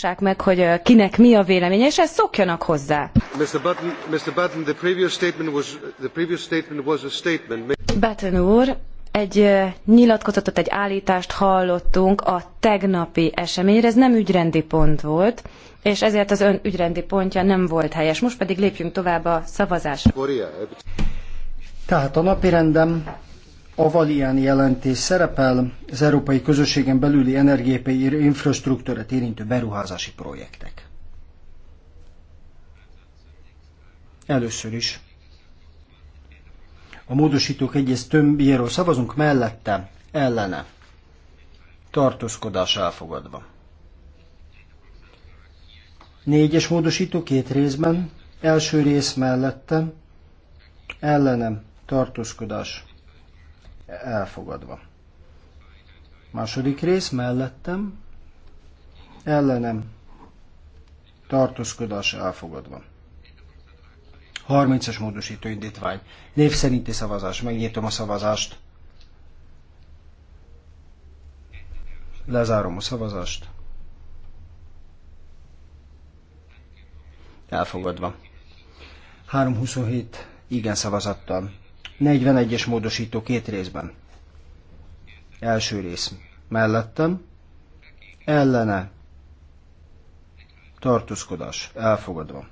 hallgassák meg, hogy kinek mi a véleménye, és ezt szokjanak hozzá. Mr. Button, Mr. Button, a úr, egy nyilatkozatot, egy állítást hallottunk a tegnapi eseményre, ez nem ügyrendi pont volt, és ezért az ön ügyrendi pontja nem volt helyes. Most pedig lépjünk tovább a szavazásra. Tehát a napirendem a Valián jelentés szerepel az Európai Közösségen belüli energiai infrastruktúrát érintő beruházási projektek. Először is a módosítók egyes tömbjéről szavazunk mellette, ellene. Tartózkodás elfogadva. Négyes módosító két részben, első rész mellette, ellenem tartózkodás elfogadva. Második rész mellettem, ellenem, tartózkodás elfogadva. 30-as módosító indítvány. Név szerinti szavazás. Megnyitom a szavazást. Lezárom a szavazást. Elfogadva. 327 igen szavazattal. 41-es módosító két részben. Első rész. Mellettem. Ellene. Tartózkodás. Elfogadva.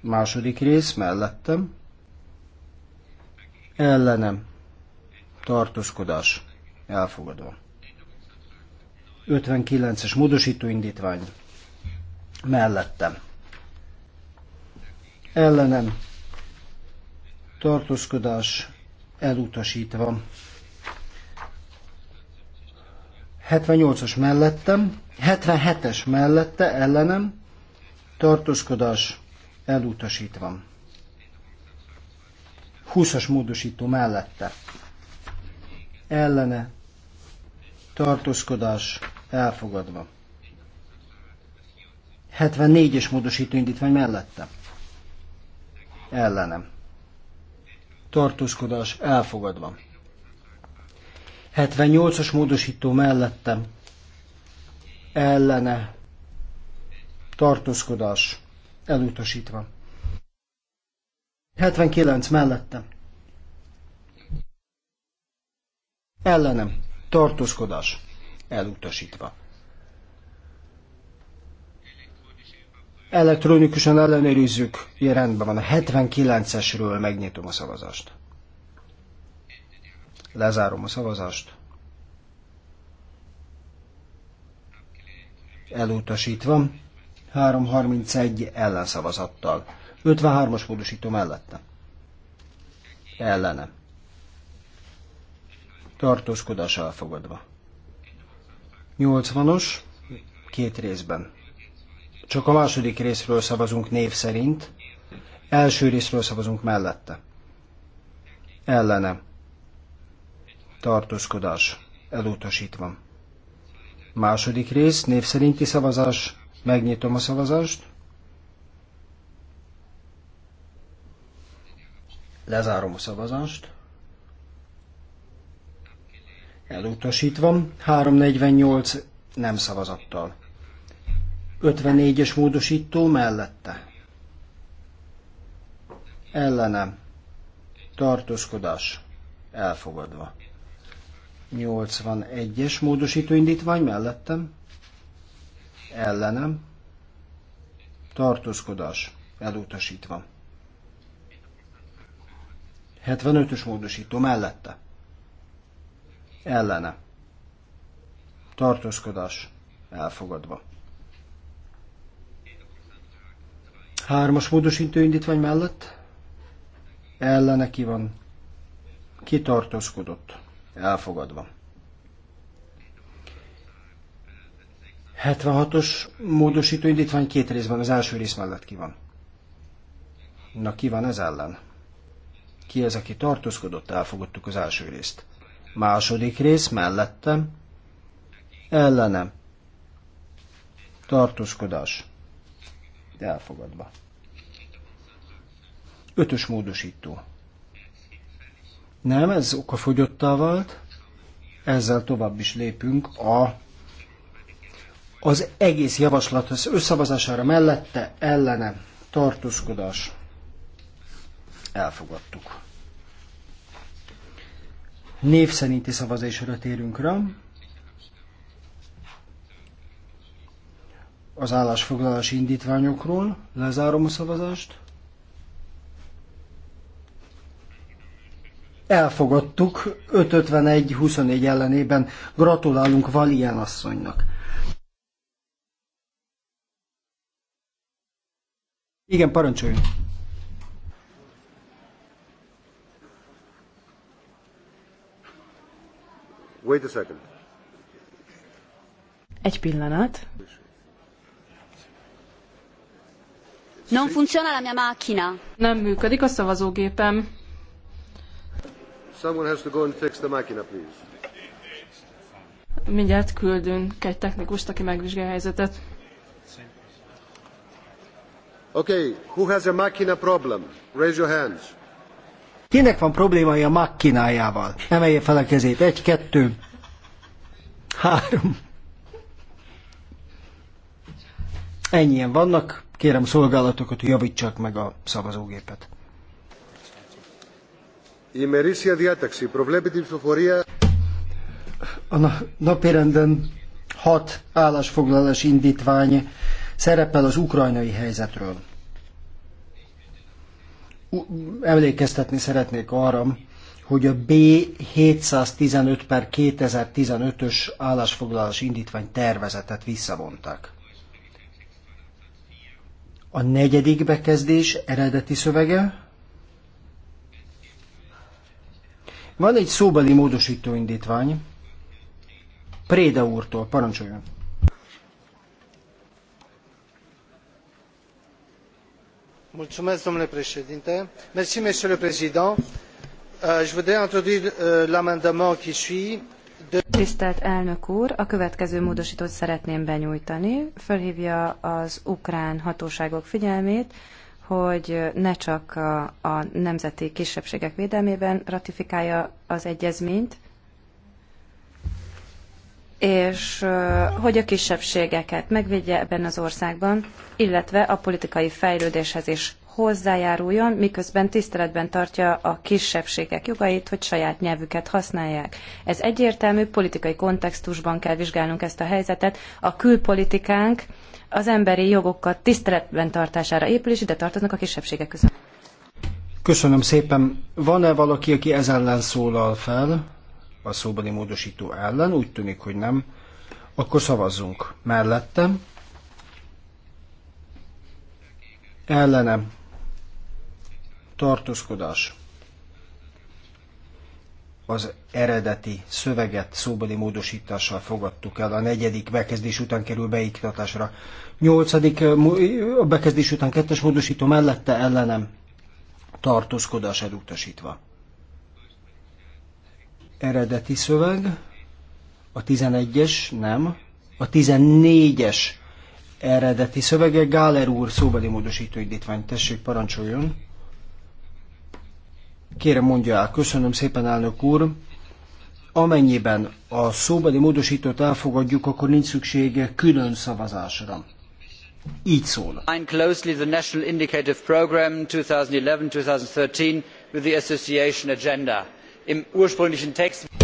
Második rész. Mellettem. Ellenem. Tartózkodás. Elfogadva. 59-es módosító indítvány. Mellettem. Ellenem tartózkodás elutasítva. 78-as mellettem, 77-es mellette ellenem, tartózkodás elutasítva. 20-as módosító mellette ellene tartózkodás elfogadva. 74-es módosító indítvány mellette ellenem tartózkodás elfogadva. 78-as módosító mellettem ellene tartózkodás elutasítva. 79 mellettem ellenem tartózkodás elutasítva. elektronikusan ellenőrizzük. ilyen rendben van, a 79-esről megnyitom a szavazást. Lezárom a szavazást. Elutasítva. 331 ellenszavazattal. 53-as módosító mellette. Ellene. Tartózkodás elfogadva. 80-os, két részben csak a második részről szavazunk név szerint. Első részről szavazunk mellette. Ellene. Tartózkodás. Elutasítva. Második rész, név szerinti szavazás. Megnyitom a szavazást. Lezárom a szavazást. Elutasítva. 348 nem szavazattal. 54-es módosító mellette. Ellenem. Tartózkodás. Elfogadva. 81-es módosító indítvány mellettem. Ellenem. Tartózkodás. Elutasítva. 75-ös módosító mellette. Ellene. Tartózkodás. Elfogadva. Hármas módosító indítvány mellett ellene ki van kitartózkodott, elfogadva. 76-os módosító indítvány két részben, az első rész mellett ki van. Na ki van ez ellen? Ki az, aki tartózkodott, elfogadtuk az első részt. Második rész mellettem, ellenem. Tartózkodás elfogadva. Ötös módosító. Nem, ez okafogyottá vált. Ezzel tovább is lépünk a az egész javaslat az összavazására mellette ellene tartózkodás elfogadtuk. Név szerinti szavazásra térünk rá. az állásfoglalási indítványokról. Lezárom a szavazást. Elfogadtuk 551-24 ellenében. Gratulálunk Valian asszonynak. Igen, parancsoljon. Wait a second. Egy pillanat. Non funziona la mia macchina. Nem működik a szavazógépem. Someone has to go and fix the machina, please. Mindjárt küldünk egy technikust, aki megvizsgálja a helyzetet. Okay, who has a machina problem? Raise your hands. Kinek van problémája a makkinájával? Emelje fel a kezét. Egy, kettő, három. Ennyien vannak. Kérem szolgálatokat, hogy javítsák meg a szavazógépet. A napirenden hat állásfoglalás indítvány szerepel az ukrajnai helyzetről. Emlékeztetni szeretnék arra, hogy a B715 per 2015-ös állásfoglalás indítvány tervezetet visszavonták. A negyedik bekezdés eredeti szövege. Van egy szóbeli módosító indítvány. Préda úrtól, parancsoljon. Euh, je voudrais introduire euh, l'amendement qui suit Tisztelt elnök úr, a következő módosítót szeretném benyújtani. Fölhívja az ukrán hatóságok figyelmét, hogy ne csak a, a nemzeti kisebbségek védelmében ratifikálja az egyezményt, és hogy a kisebbségeket megvédje ebben az országban, illetve a politikai fejlődéshez is hozzájáruljon, miközben tiszteletben tartja a kisebbségek jogait, hogy saját nyelvüket használják. Ez egyértelmű, politikai kontextusban kell vizsgálnunk ezt a helyzetet. A külpolitikánk az emberi jogokat tiszteletben tartására épül, és ide tartoznak a kisebbségek között. Köszönöm szépen. Van-e valaki, aki ez ellen szólal fel? A szóbeli módosító ellen? Úgy tűnik, hogy nem. Akkor szavazzunk. Mellettem. Ellenem tartózkodás az eredeti szöveget szóbeli módosítással fogadtuk el. A negyedik bekezdés után kerül beiktatásra. Nyolcadik eh, a bekezdés után kettes módosító mellette ellenem tartózkodás elutasítva. Eredeti szöveg, a 11-es nem, a 14-es eredeti szövege Gáler úr szóbeli módosító indítvány. Tessék, parancsoljon! Kérem mondja el, köszönöm szépen, elnök úr. Amennyiben a szóbeli módosítót elfogadjuk, akkor nincs szükség külön szavazásra. Így szól. closely the National Indicative Program 2011-2013 with the Association Agenda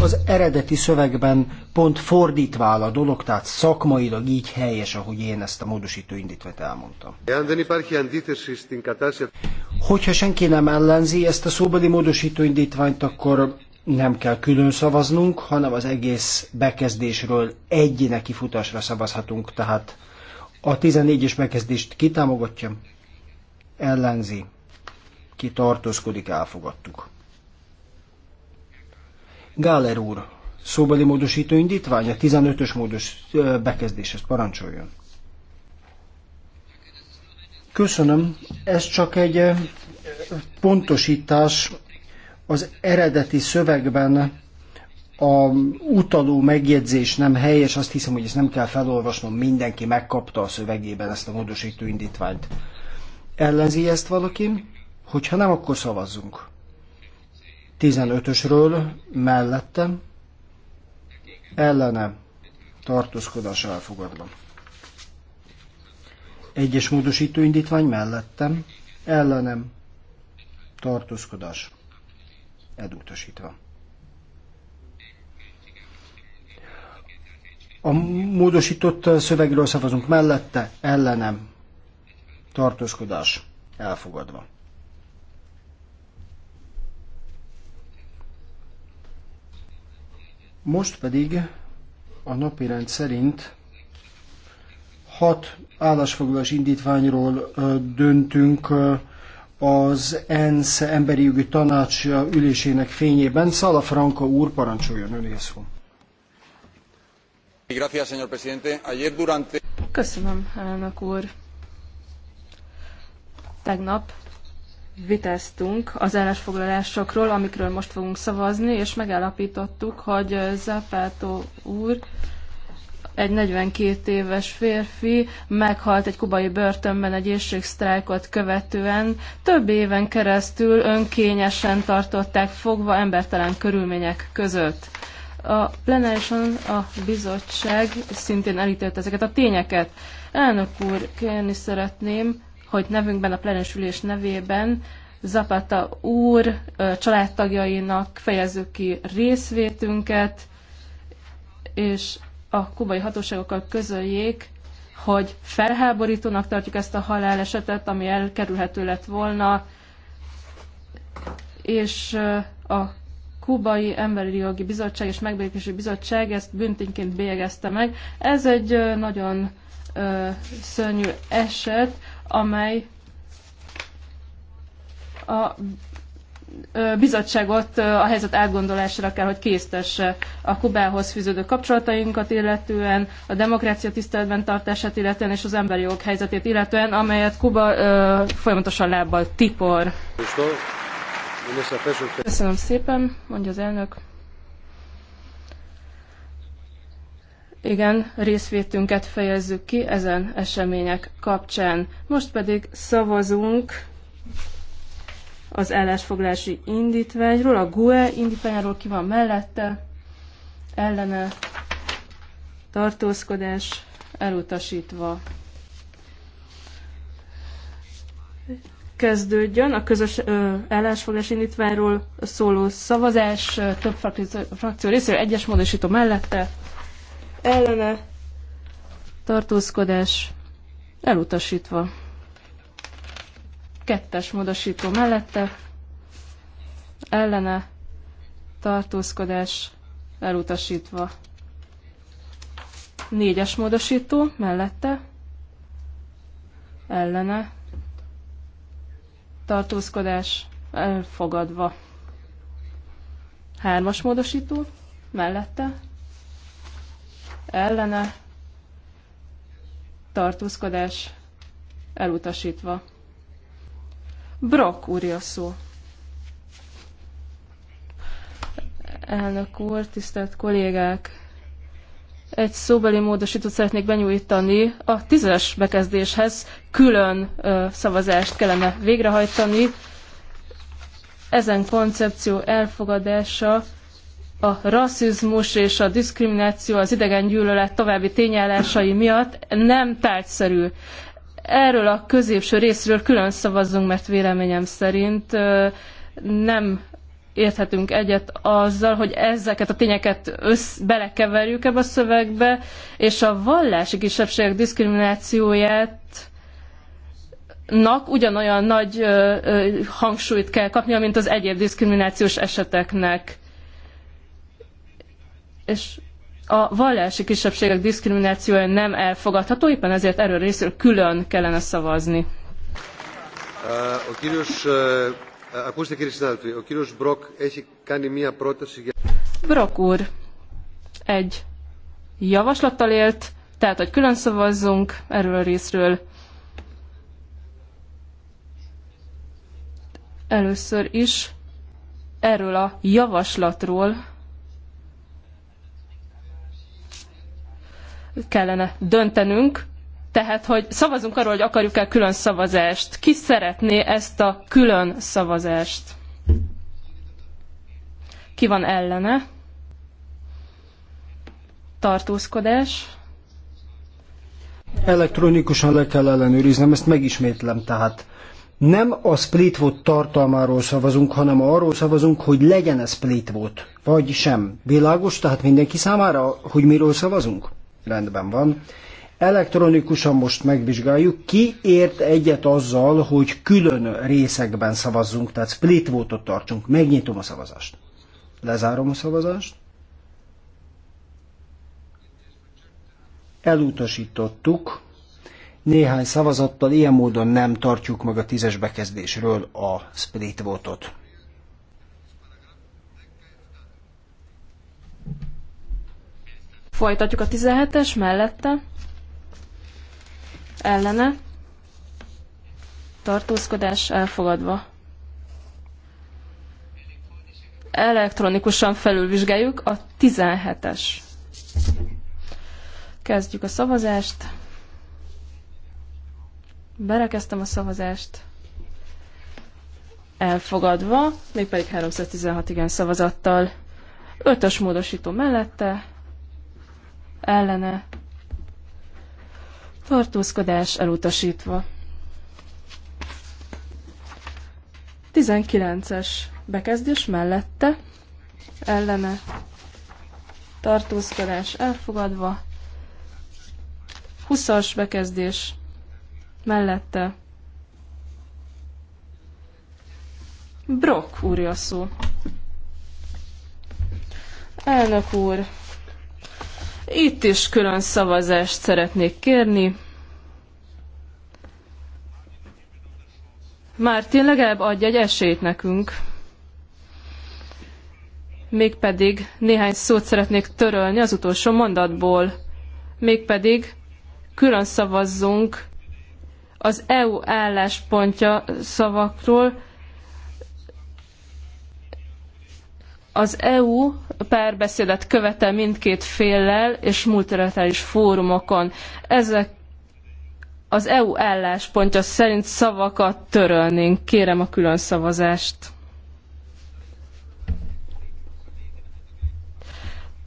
az eredeti szövegben pont fordítva áll a dolog, tehát szakmailag így helyes, ahogy én ezt a módosító indítványt elmondtam. Hogyha senki nem ellenzi ezt a szóbeli módosító indítványt, akkor nem kell külön szavaznunk, hanem az egész bekezdésről egy nekifutásra szavazhatunk. Tehát a 14-es bekezdést kitámogatja, ellenzi, ki tartózkodik, elfogadtuk. Gáler úr, szóbeli módosító indítvány, a 15-ös módos bekezdéshez parancsoljon. Köszönöm. Ez csak egy pontosítás az eredeti szövegben a utaló megjegyzés nem helyes, azt hiszem, hogy ezt nem kell felolvasnom, mindenki megkapta a szövegében ezt a módosító indítványt. Ellenzi ezt valaki? Hogyha nem, akkor szavazzunk. 15-ösről mellette ellene tartózkodás elfogadva. Egyes módosító indítvány mellettem, ellenem tartózkodás elutasítva. A módosított szövegről szavazunk mellette, ellenem tartózkodás elfogadva. Most pedig a napirend szerint hat állásfoglalás indítványról döntünk az ENSZ emberi jogi tanács ülésének fényében. Szala Franka úr, parancsoljon önél Köszönöm, elnök úr. Tegnap vitáztunk az állásfoglalásokról, amikről most fogunk szavazni, és megállapítottuk, hogy Zapátó úr egy 42 éves férfi meghalt egy kubai börtönben egy éjségsztrájkot követően. Több éven keresztül önkényesen tartották fogva embertelen körülmények között. A plenárison a bizottság szintén elítélt ezeket a tényeket. Elnök úr, kérni szeretném, hogy nevünkben, a plenesülés nevében Zapata úr családtagjainak fejezzük ki részvétünket, és a kubai hatóságokkal közöljék, hogy felháborítónak tartjuk ezt a halálesetet, ami elkerülhető lett volna, és a Kubai Emberi Jogi Bizottság és Megbékési Bizottság ezt büntényként bélyegezte meg. Ez egy nagyon szörnyű eset, amely a bizottságot a helyzet átgondolására kell, hogy késztesse a Kubához fűződő kapcsolatainkat illetően, a demokrácia tiszteletben tartását illetően és az emberi jog helyzetét illetően, amelyet Kuba ö, folyamatosan lábbal tipor. Köszönöm szépen, mondja az elnök. Igen, részvétünket fejezzük ki ezen események kapcsán. Most pedig szavazunk az állásfoglási indítványról, a GUE indítványáról ki van mellette, ellene tartózkodás elutasítva. Kezdődjön a közös ö, indítványról szóló szavazás több frakció, frakció részéről, egyes módosító mellette, ellene tartózkodás elutasítva. Kettes módosító mellette ellene tartózkodás elutasítva. Négyes módosító mellette ellene tartózkodás elfogadva. Hármas módosító mellette ellene tartózkodás elutasítva. Brock a szó. Elnök úr, tisztelt kollégák! Egy szóbeli módosítót szeretnék benyújtani. A tízes bekezdéshez külön ö, szavazást kellene végrehajtani. Ezen koncepció elfogadása a rasszizmus és a diszkrimináció, az idegengyűlölet további tényállásai miatt nem tárgyszerű. Erről a középső részről külön szavazzunk, mert véleményem szerint nem érthetünk egyet azzal, hogy ezeket a tényeket össz, belekeverjük ebbe a szövegbe, és a vallási kisebbségek diszkriminációját ugyanolyan nagy ö, ö, hangsúlyt kell kapnia, mint az egyéb diszkriminációs eseteknek és a vallási kisebbségek diszkriminációja nem elfogadható, éppen ezért erről részről külön kellene szavazni. A kíros, ακούστε κύριε συνάδελφοι, ο κύριος Μπροκ έχει κάνει úr, egy javaslattal élt, tehát hogy külön szavazzunk erről a részről. Először is erről a javaslatról kellene döntenünk, tehát, hogy szavazunk arról, hogy akarjuk-e külön szavazást. Ki szeretné ezt a külön szavazást? Ki van ellene? Tartózkodás? Elektronikusan le kell ellenőriznem, ezt megismétlem tehát. Nem a split vote tartalmáról szavazunk, hanem arról szavazunk, hogy legyen-e split vote, vagy sem. Világos tehát mindenki számára, hogy miről szavazunk? Rendben van. Elektronikusan most megvizsgáljuk, ki ért egyet azzal, hogy külön részekben szavazzunk, tehát split votot tartsunk. Megnyitom a szavazást. Lezárom a szavazást. Elutasítottuk. Néhány szavazattal ilyen módon nem tartjuk meg a tízes bekezdésről a split votot. Folytatjuk a 17-es mellette. Ellene. Tartózkodás elfogadva. Elektronikusan felülvizsgáljuk a 17-es. Kezdjük a szavazást. Berekeztem a szavazást. Elfogadva, mégpedig 316 igen szavazattal. Ötös módosító mellette, ellene tartózkodás elutasítva. 19-es bekezdés mellette ellene tartózkodás elfogadva. 20-as bekezdés mellette Brock úrja szó. Elnök úr, itt is külön szavazást szeretnék kérni. Mártin legalább adja egy esélyt nekünk. Mégpedig néhány szót szeretnék törölni az utolsó mondatból. Mégpedig külön szavazzunk az EU álláspontja szavakról, Az EU párbeszédet követel mindkét féllel és multilaterális fórumokon. Ezek az EU álláspontja szerint szavakat törölnénk. Kérem a külön szavazást.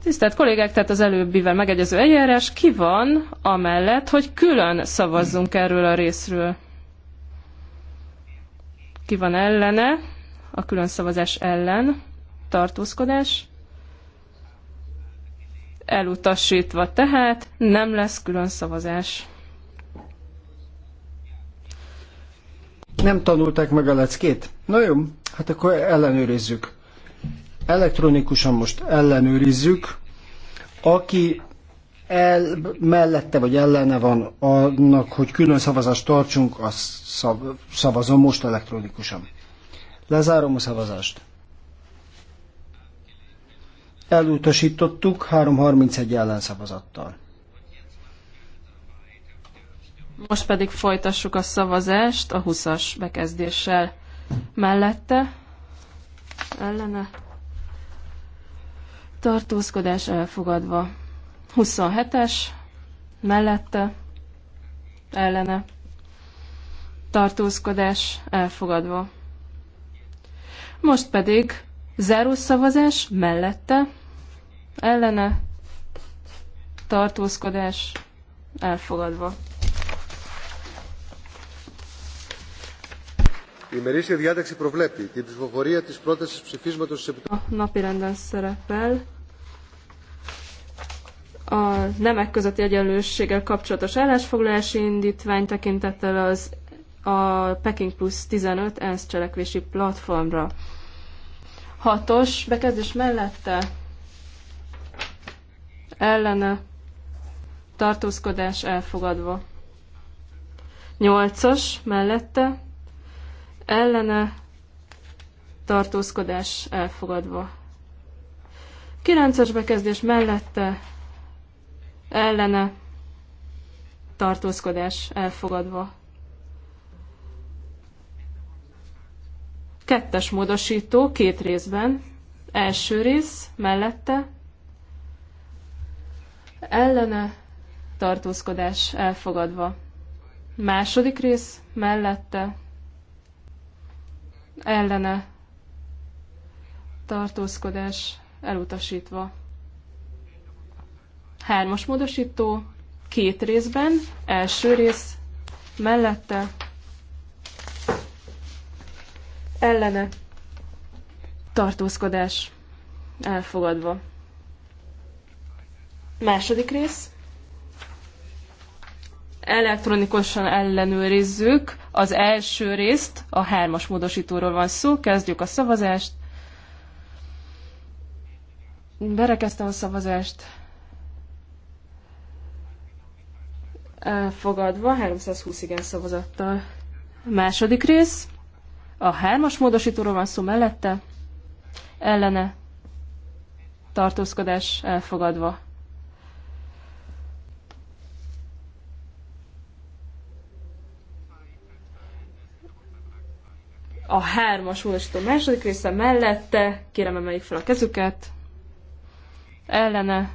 Tisztelt kollégák, tehát az előbbivel megegyező eljárás ki van amellett, hogy külön szavazzunk erről a részről? Ki van ellene? A külön szavazás ellen tartózkodás. Elutasítva tehát nem lesz külön szavazás. Nem tanulták meg a leckét? Na jó, hát akkor ellenőrizzük. Elektronikusan most ellenőrizzük. Aki el, mellette vagy ellene van annak, hogy külön szavazást tartsunk, azt szav, szavazom most elektronikusan. Lezárom a szavazást elutasítottuk 331 ellenszavazattal. Most pedig folytassuk a szavazást a 20-as bekezdéssel mellette. Ellene. Tartózkodás elfogadva. 27-es mellette. Ellene. Tartózkodás elfogadva. Most pedig Zárószavazás mellette, ellene, tartózkodás elfogadva. Η ημερήσια διάταξη προβλέπει την ψηφοφορία της πρότασης ψηφίσματος της Επιτροπής. A napirenden szerepel a nemek közötti egyenlőséggel kapcsolatos állásfoglalási indítvány tekintettel az a Peking Plus 15 ENSZ cselekvési platformra. Hatos bekezdés mellette ellene tartózkodás elfogadva. Nyolcas mellette ellene tartózkodás elfogadva. Kilences bekezdés mellette ellene tartózkodás elfogadva. Kettes módosító két részben. Első rész mellette ellene tartózkodás elfogadva. Második rész mellette ellene tartózkodás elutasítva. Hármas módosító két részben, első rész mellette ellene tartózkodás elfogadva. Második rész. Elektronikusan ellenőrizzük az első részt, a hármas módosítóról van szó, kezdjük a szavazást. Berekeztem a szavazást. Elfogadva, 320 igen szavazattal. Második rész. A hármas módosítóról van szó mellette, ellene tartózkodás elfogadva. A hármas módosító második része mellette, kérem emeljük fel a kezüket, ellene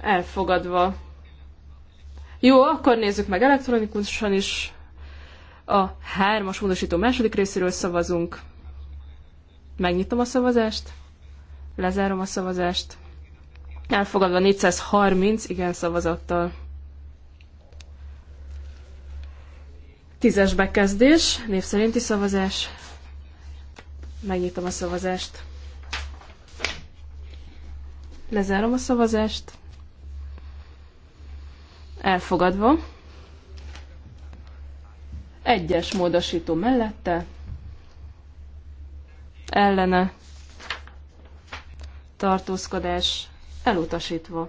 elfogadva. Jó, akkor nézzük meg elektronikusan is. A hármas módosító második részéről szavazunk. Megnyitom a szavazást. Lezárom a szavazást. Elfogadva 430 igen szavazattal. Tízes bekezdés, név szerinti szavazás. Megnyitom a szavazást. Lezárom a szavazást elfogadva. Egyes módosító mellette, ellene, tartózkodás elutasítva.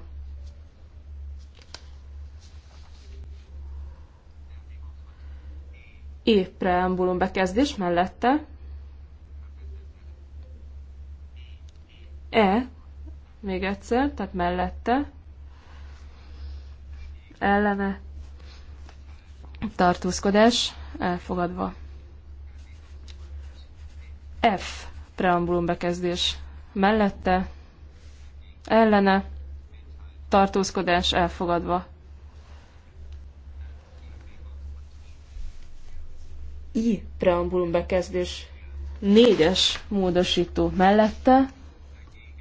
épp e preambulum bekezdés mellette E, még egyszer, tehát mellette ellene tartózkodás elfogadva. F. Preambulum bekezdés mellette ellene tartózkodás elfogadva. I. Preambulum bekezdés négyes módosító mellette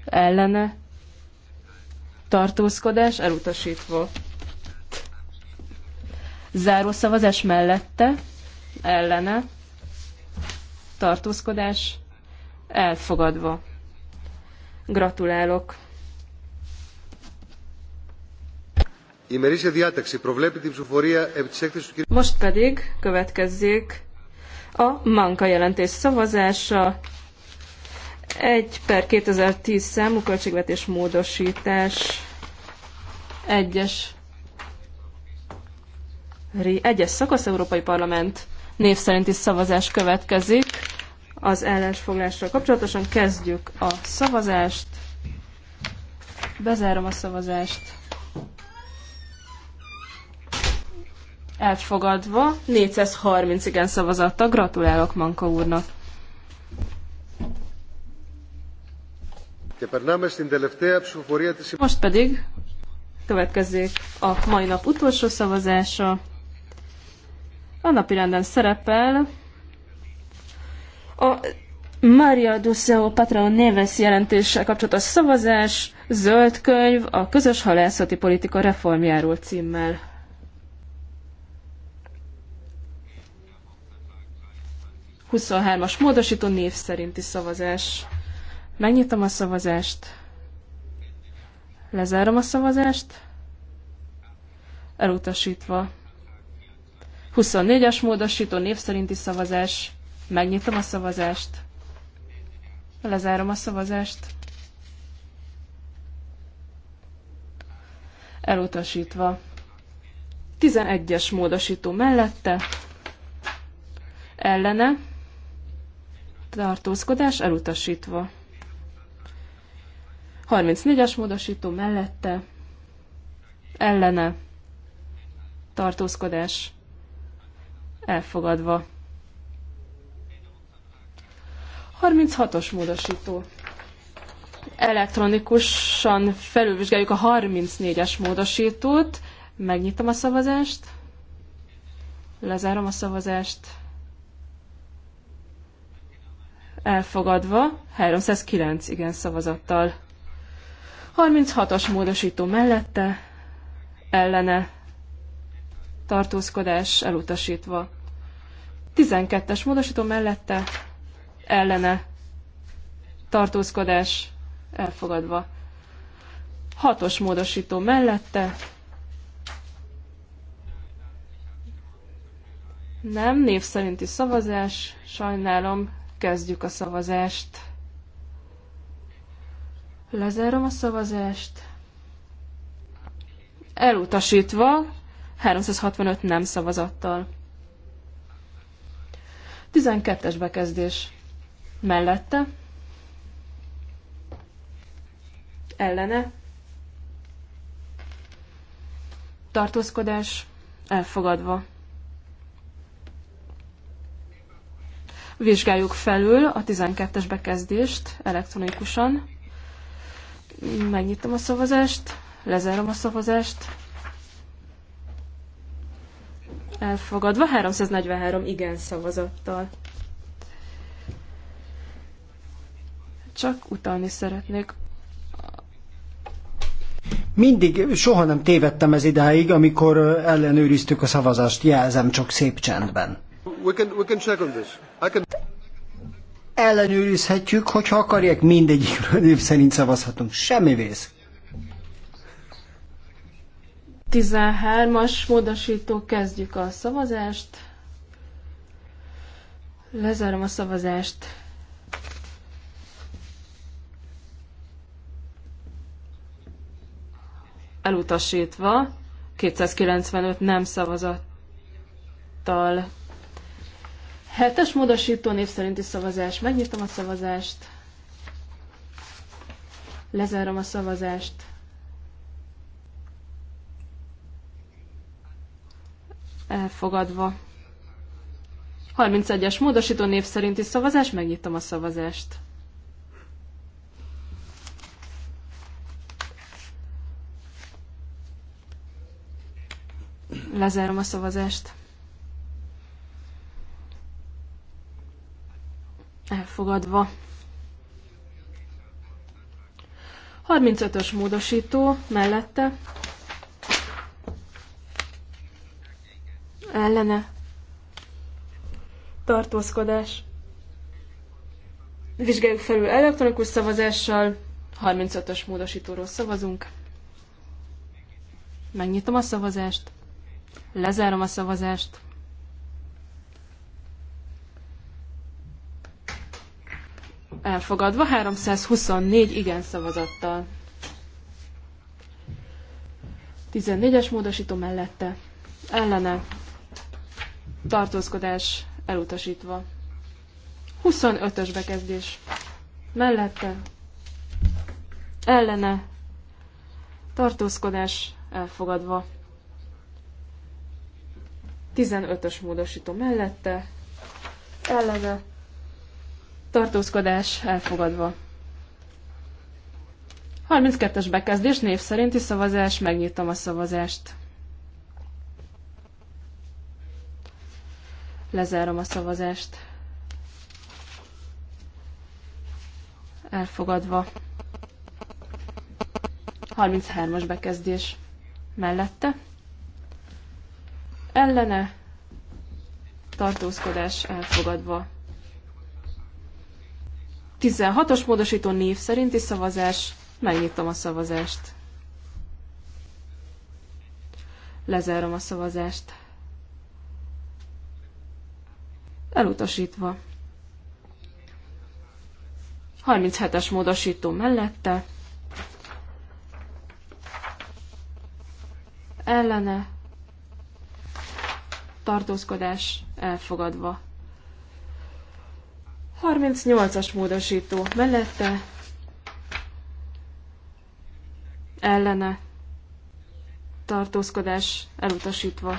ellene tartózkodás elutasítva. Zárószavazás mellette, ellene, tartózkodás elfogadva. Gratulálok! Most pedig következzék a Manka jelentés szavazása. 1 per 2010 számú költségvetés módosítás. Egyes egyes szakasz Európai Parlament név szerinti szavazás következik. Az ellensfoglásra kapcsolatosan kezdjük a szavazást. Bezárom a szavazást. Elfogadva, 430 igen szavazattal. Gratulálok Manka úrnak. Most pedig következik a mai nap utolsó szavazása. A napirenden szerepel a Maria Dusseo Patrao Neves jelentéssel kapcsolatos szavazás, zöld könyv a közös halászati politika reformjáról címmel. as módosító név szerinti szavazás. Megnyitom a szavazást. Lezárom a szavazást. Elutasítva. 24-es módosító név szerinti szavazás. Megnyitom a szavazást. Lezárom a szavazást. Elutasítva. 11-es módosító mellette. Ellene. Tartózkodás elutasítva. 34-es módosító mellette. Ellene. Tartózkodás elfogadva. 36-os módosító. Elektronikusan felülvizsgáljuk a 34-es módosítót. Megnyitom a szavazást. Lezárom a szavazást. Elfogadva. 309 igen szavazattal. 36 os módosító mellette. Ellene tartózkodás elutasítva. 12-es módosító mellette ellene tartózkodás elfogadva. 6-os módosító mellette nem, név szerinti szavazás, sajnálom, kezdjük a szavazást. Lezárom a szavazást. Elutasítva, 365 nem szavazattal. 12-es bekezdés mellette, ellene, tartózkodás elfogadva. Vizsgáljuk felül a 12-es bekezdést elektronikusan. Megnyitom a szavazást, lezárom a szavazást. Elfogadva 343 igen szavazattal. Csak utalni szeretnék mindig, soha nem tévedtem ez idáig, amikor ellenőriztük a szavazást, jelzem csak szép csendben. We can, we can check on this. I can... Ellenőrizhetjük, hogyha akarják, mindegyikről név szerint szavazhatunk. Semmi vész. 13-as módosító, kezdjük a szavazást. Lezárom a szavazást. Elutasítva, 295 nem szavazattal. 7-es módosító név szerinti szavazás. Megnyitom a szavazást. Lezárom a szavazást. elfogadva. 31-es módosító név szerinti szavazás, megnyitom a szavazást. Lezárom a szavazást. Elfogadva. 35-ös módosító mellette ellene tartózkodás. Vizsgáljuk felül elektronikus szavazással. 35-ös módosítóról szavazunk. Megnyitom a szavazást. Lezárom a szavazást. Elfogadva 324 igen szavazattal. 14-es módosító mellette. Ellene tartózkodás elutasítva. 25-ös bekezdés. Mellette, ellene, tartózkodás elfogadva. 15-ös módosító mellette, ellene, tartózkodás elfogadva. 32-es bekezdés, név szerinti szavazás, megnyitom a szavazást. Lezárom a szavazást. Elfogadva. 33-as bekezdés mellette. Ellene tartózkodás elfogadva. 16-os módosító név szerinti szavazás. Megnyitom a szavazást. Lezárom a szavazást. elutasítva. 37-es módosító mellette, ellene, tartózkodás elfogadva. 38-as módosító mellette, ellene, tartózkodás elutasítva.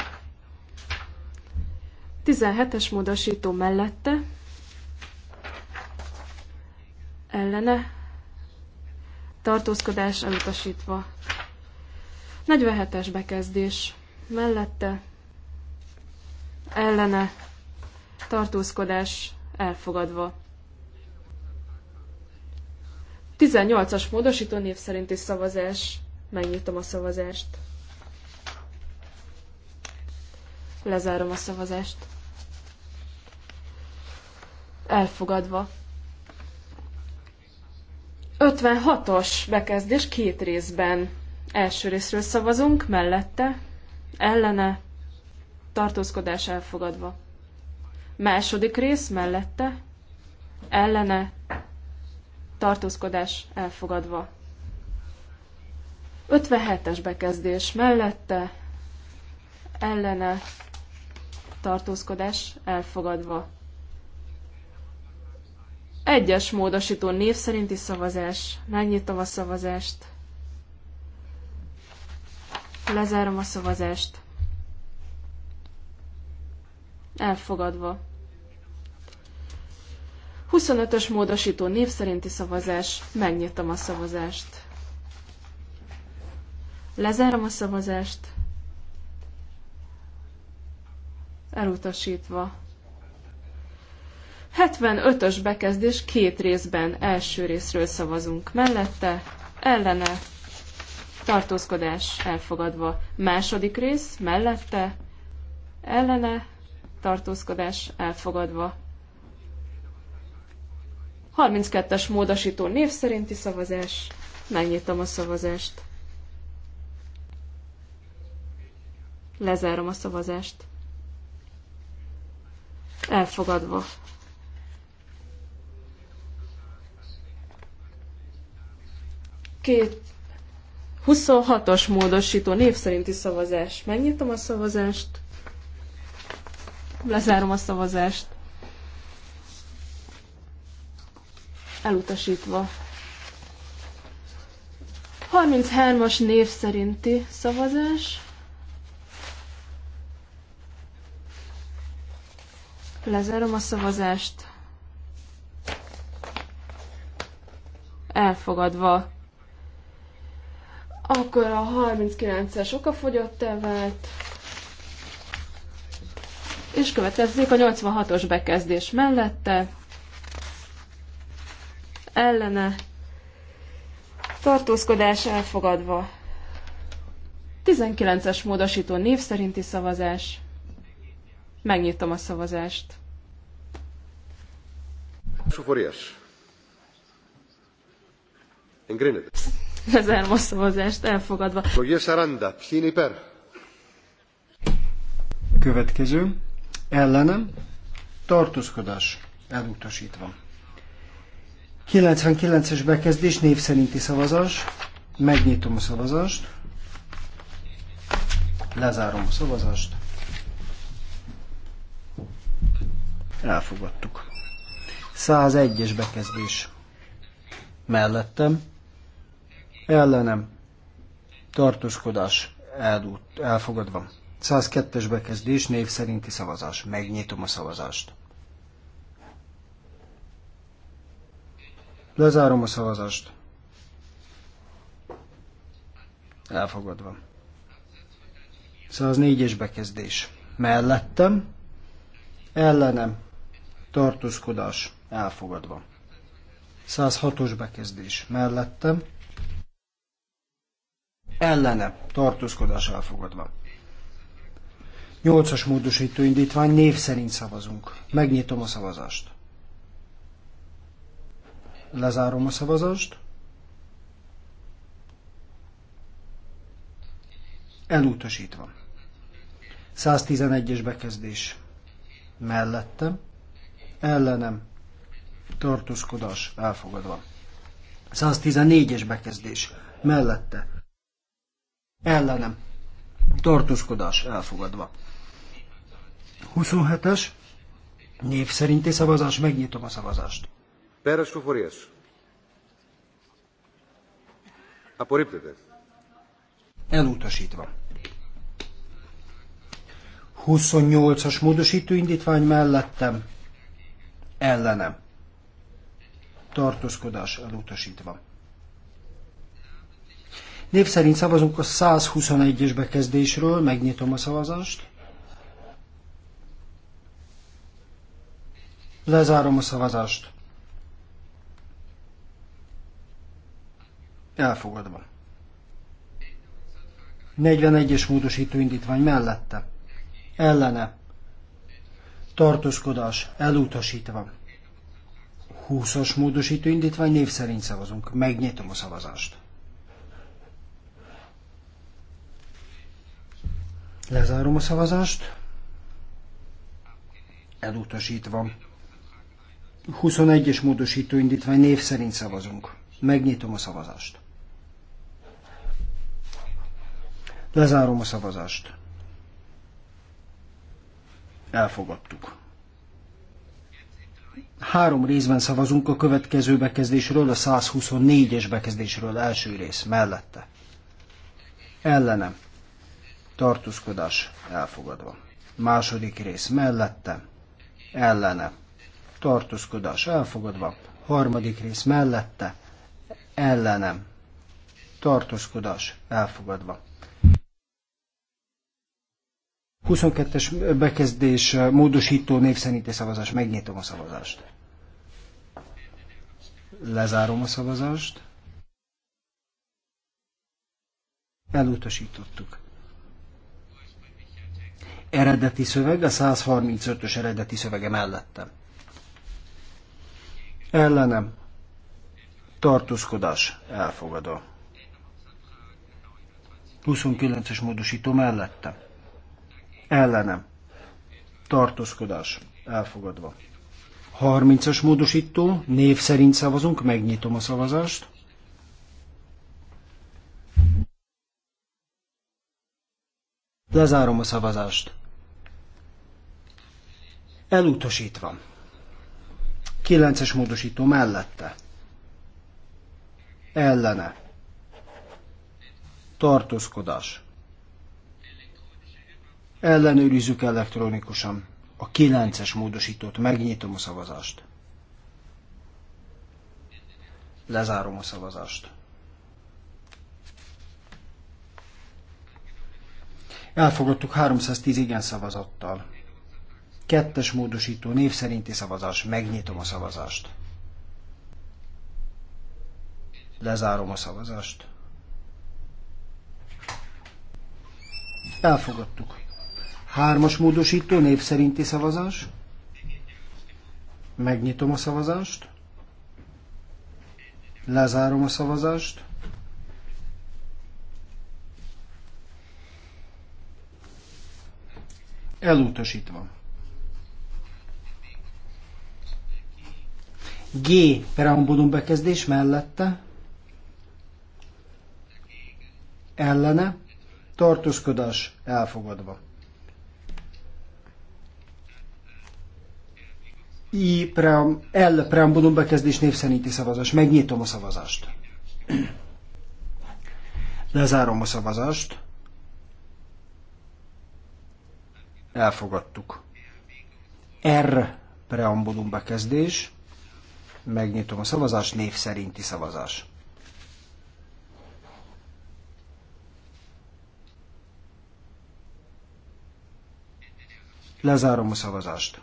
17-es módosító mellette ellene tartózkodás elutasítva. 47-es bekezdés mellette ellene tartózkodás elfogadva. 18-as módosító név szerinti szavazás. Megnyitom a szavazást. Lezárom a szavazást elfogadva. 56-os bekezdés két részben. Első részről szavazunk, mellette, ellene, tartózkodás elfogadva. Második rész mellette, ellene, tartózkodás elfogadva. 57-es bekezdés mellette, ellene, tartózkodás elfogadva. Egyes módosító név szerinti szavazás. Megnyitom a szavazást. Lezárom a szavazást. Elfogadva. 25-ös módosító név szerinti szavazás. Megnyitom a szavazást. Lezárom a szavazást. Elutasítva. 75-ös bekezdés két részben első részről szavazunk mellette, ellene, tartózkodás elfogadva. Második rész mellette, ellene, tartózkodás elfogadva. 32-es módosító név szerinti szavazás. Megnyitom a szavazást. Lezárom a szavazást. Elfogadva. Két 26-os módosító név szerinti szavazás. Megnyitom a szavazást. Lezárom a szavazást. Elutasítva. 33-as név szerinti szavazás. Lezárom a szavazást. Elfogadva. Akkor a 39-es okafogyottá vált, és következzék a 86-os bekezdés mellette, ellene, tartózkodás elfogadva, 19-es módosító név szerinti szavazás, megnyitom a szavazást. Soforias. Engrened. Lezárom a szavazást, elfogadva. Következő. Ellenem. Tartózkodás. Elutasítva. 99-es bekezdés, név szerinti szavazás. Megnyitom a szavazást. Lezárom a szavazást. Elfogadtuk. 101-es bekezdés. Mellettem ellenem tartózkodás eldút, elfogadva. 102-es bekezdés, név szerinti szavazás. Megnyitom a szavazást. Lezárom a szavazást. Elfogadva. 104-es bekezdés. Mellettem, ellenem, tartózkodás, elfogadva. 106-os bekezdés. Mellettem, ellene tartózkodás elfogadva. Nyolcas módosító indítvány név szerint szavazunk. Megnyitom a szavazást. Lezárom a szavazást. Elutasítva. 111-es bekezdés. Mellettem. Ellenem. Tartózkodás elfogadva. 114-es bekezdés. Mellette ellenem tartózkodás elfogadva. 27-es név szerinti szavazás, megnyitom a szavazást. Peres Fuforias. Aporiptete. Elutasítva. 28-as módosító indítvány mellettem, ellenem. Tartózkodás elutasítva. Név szerint szavazunk a 121-es bekezdésről, megnyitom a szavazást. Lezárom a szavazást. Elfogadva. 41-es módosító indítvány mellette. Ellene. Tartózkodás elutasítva. 20-as módosító indítvány név szerint szavazunk. Megnyitom a szavazást. Lezárom a szavazást. Elutasítva. 21-es módosító indítvány név szerint szavazunk. Megnyitom a szavazást. Lezárom a szavazást. Elfogadtuk. Három részben szavazunk a következő bekezdésről, a 124-es bekezdésről első rész mellette. Ellenem tartózkodás elfogadva. Második rész mellette, ellene, tartózkodás elfogadva. Harmadik rész mellette, ellenem, tartózkodás elfogadva. 22-es bekezdés, módosító név szerinti szavazás, megnyitom a szavazást. Lezárom a szavazást. Elutasítottuk eredeti szöveg, a 135-ös eredeti szövege mellettem. Ellenem. Tartózkodás elfogadó. 29-es módosító mellette. Ellenem. Tartózkodás elfogadva. 30-as módosító, név szerint szavazunk, megnyitom a szavazást. Lezárom a szavazást. Elutasítva. Kilences módosító mellette. Ellene. Tartózkodás. Ellenőrizzük elektronikusan. A kilences módosítót megnyitom a szavazást. Lezárom a szavazást. Elfogadtuk 310 igen szavazattal. Kettes módosító név szerinti szavazás. Megnyitom a szavazást. Lezárom a szavazást. Elfogadtuk. Hármas módosító név szerinti szavazás. Megnyitom a szavazást. Lezárom a szavazást. Elutasítva. G preambulum bekezdés mellette ellene tartózkodás elfogadva. I pream, L preambulum bekezdés név szerinti szavazás. Megnyitom a szavazást. Lezárom a szavazást. Elfogadtuk. R preambulum bekezdés Megnyitom a szavazást, név szerinti szavazás. Lezárom a szavazást.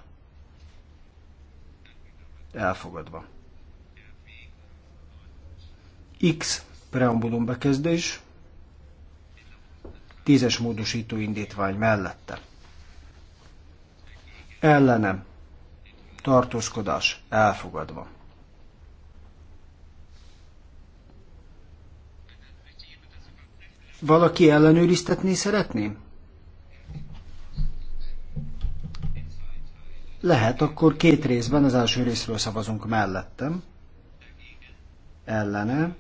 Elfogadva. X preambulum bekezdés, tízes módosító indítvány mellette. Ellenem. Tartózkodás elfogadva. Valaki ellenőriztetni szeretné? Lehet, akkor két részben az első részről szavazunk mellettem. Ellene.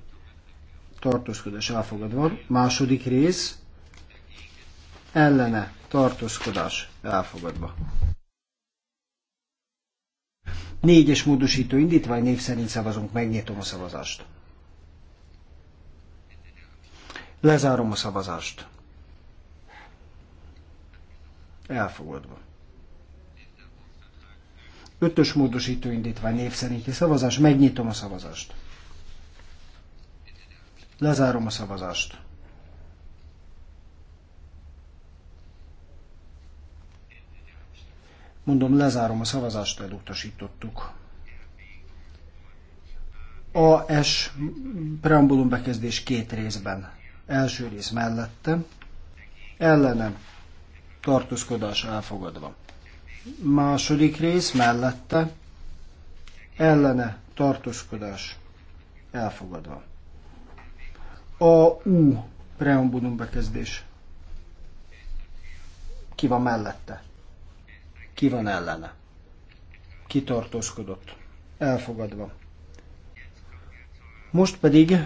Tartózkodás elfogadva. Második rész. Ellene. Tartózkodás elfogadva. Négyes módosító indítvány név szerint szavazunk, megnyitom a szavazást. Lezárom a szavazást. Elfogadva. Ötös módosító indítvány név szerinti szavazás. Megnyitom a szavazást. Lezárom a szavazást. Mondom, lezárom a szavazást, elutasítottuk. A S preambulum bekezdés két részben. Első rész mellette, ellenem, tartózkodás elfogadva. Második rész mellette, ellene, tartózkodás elfogadva. A U preambulum bekezdés. Ki van mellette? Ki van ellene? tartózkodott? Elfogadva. Most pedig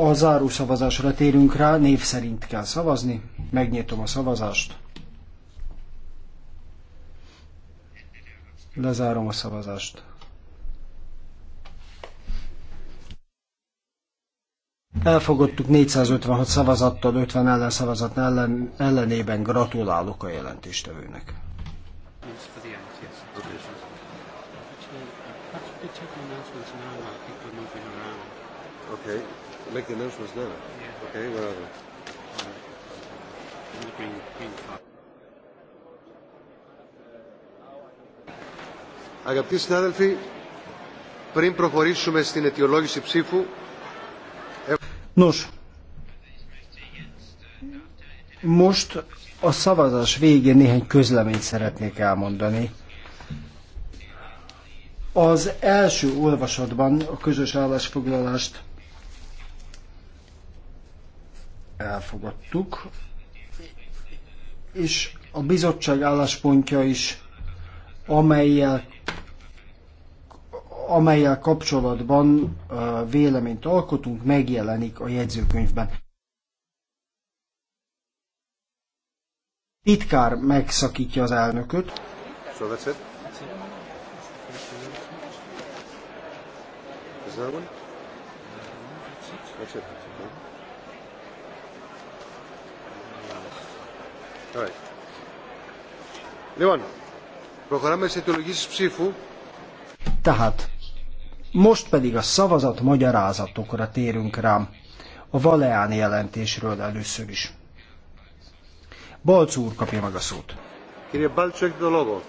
a záró szavazásra térünk rá, név szerint kell szavazni. Megnyitom a szavazást. Lezárom a szavazást. Elfogadtuk 456 szavazattal, 50 ellen szavazat ellen, ellenében. Gratulálok a jelentéstevőnek. Yes, Okay. Make the announcements now. Yeah. Okay, where are they? On the green, green card. Αγαπητοί συνάδελφοι, πριν προχωρήσουμε στην αιτιολόγηση ψήφου... Nos, most a szavazás végén néhány közleményt szeretnék elmondani. Az első olvasatban a közös állásfoglalást elfogadtuk, és a bizottság álláspontja is, amelyel, amelyel kapcsolatban véleményt alkotunk, megjelenik a jegyzőkönyvben. Titkár megszakítja az elnököt. So Köszönöm. it. Is That's it. Right. Λοιπόν, προχωράμε σε αιτιολογήσεις ψήφου. Tehát, most pedig a szavazat magyarázatokra térünk rám. A Valeán jelentésről először is. Balc úr kapja meg a szót. Kérje Balcsek Dologo.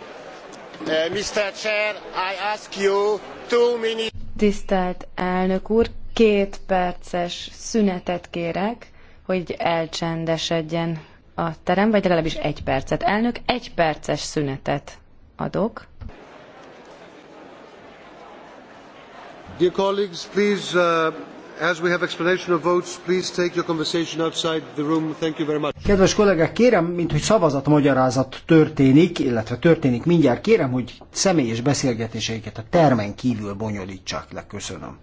Eh, Mr. Chair, I ask you two minutes. Tisztelt elnök úr, két perces szünetet kérek, hogy elcsendesedjen a terem, vagy legalábbis egy percet. Elnök, egy perces szünetet adok. Dear colleagues, please, uh, as we have explanation of votes, please take your conversation outside the room. Thank you very much. Kedves kollégák, kérem, mint hogy szavazat magyarázat történik, illetve történik mindjárt, kérem, hogy személyes beszélgetéseiket a termen kívül bonyolítsák le. Köszönöm.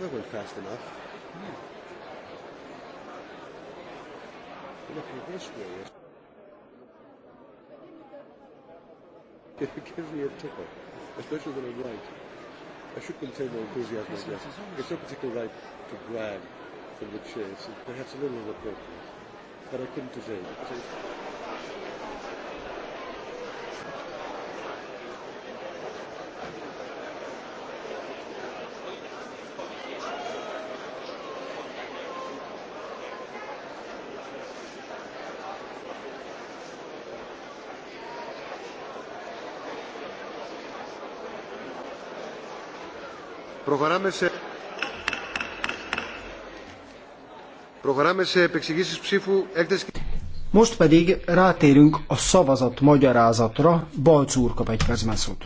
That went fast enough. Yeah. Look at this way. It gives me a tickle, especially when I'm right. I should contain my enthusiasm, I guess. It's not particularly right to brag from the chase, perhaps a little inappropriate. But I couldn't today. Most pedig rátérünk a szavazat magyarázatra. Balc úr kap egy percmászót.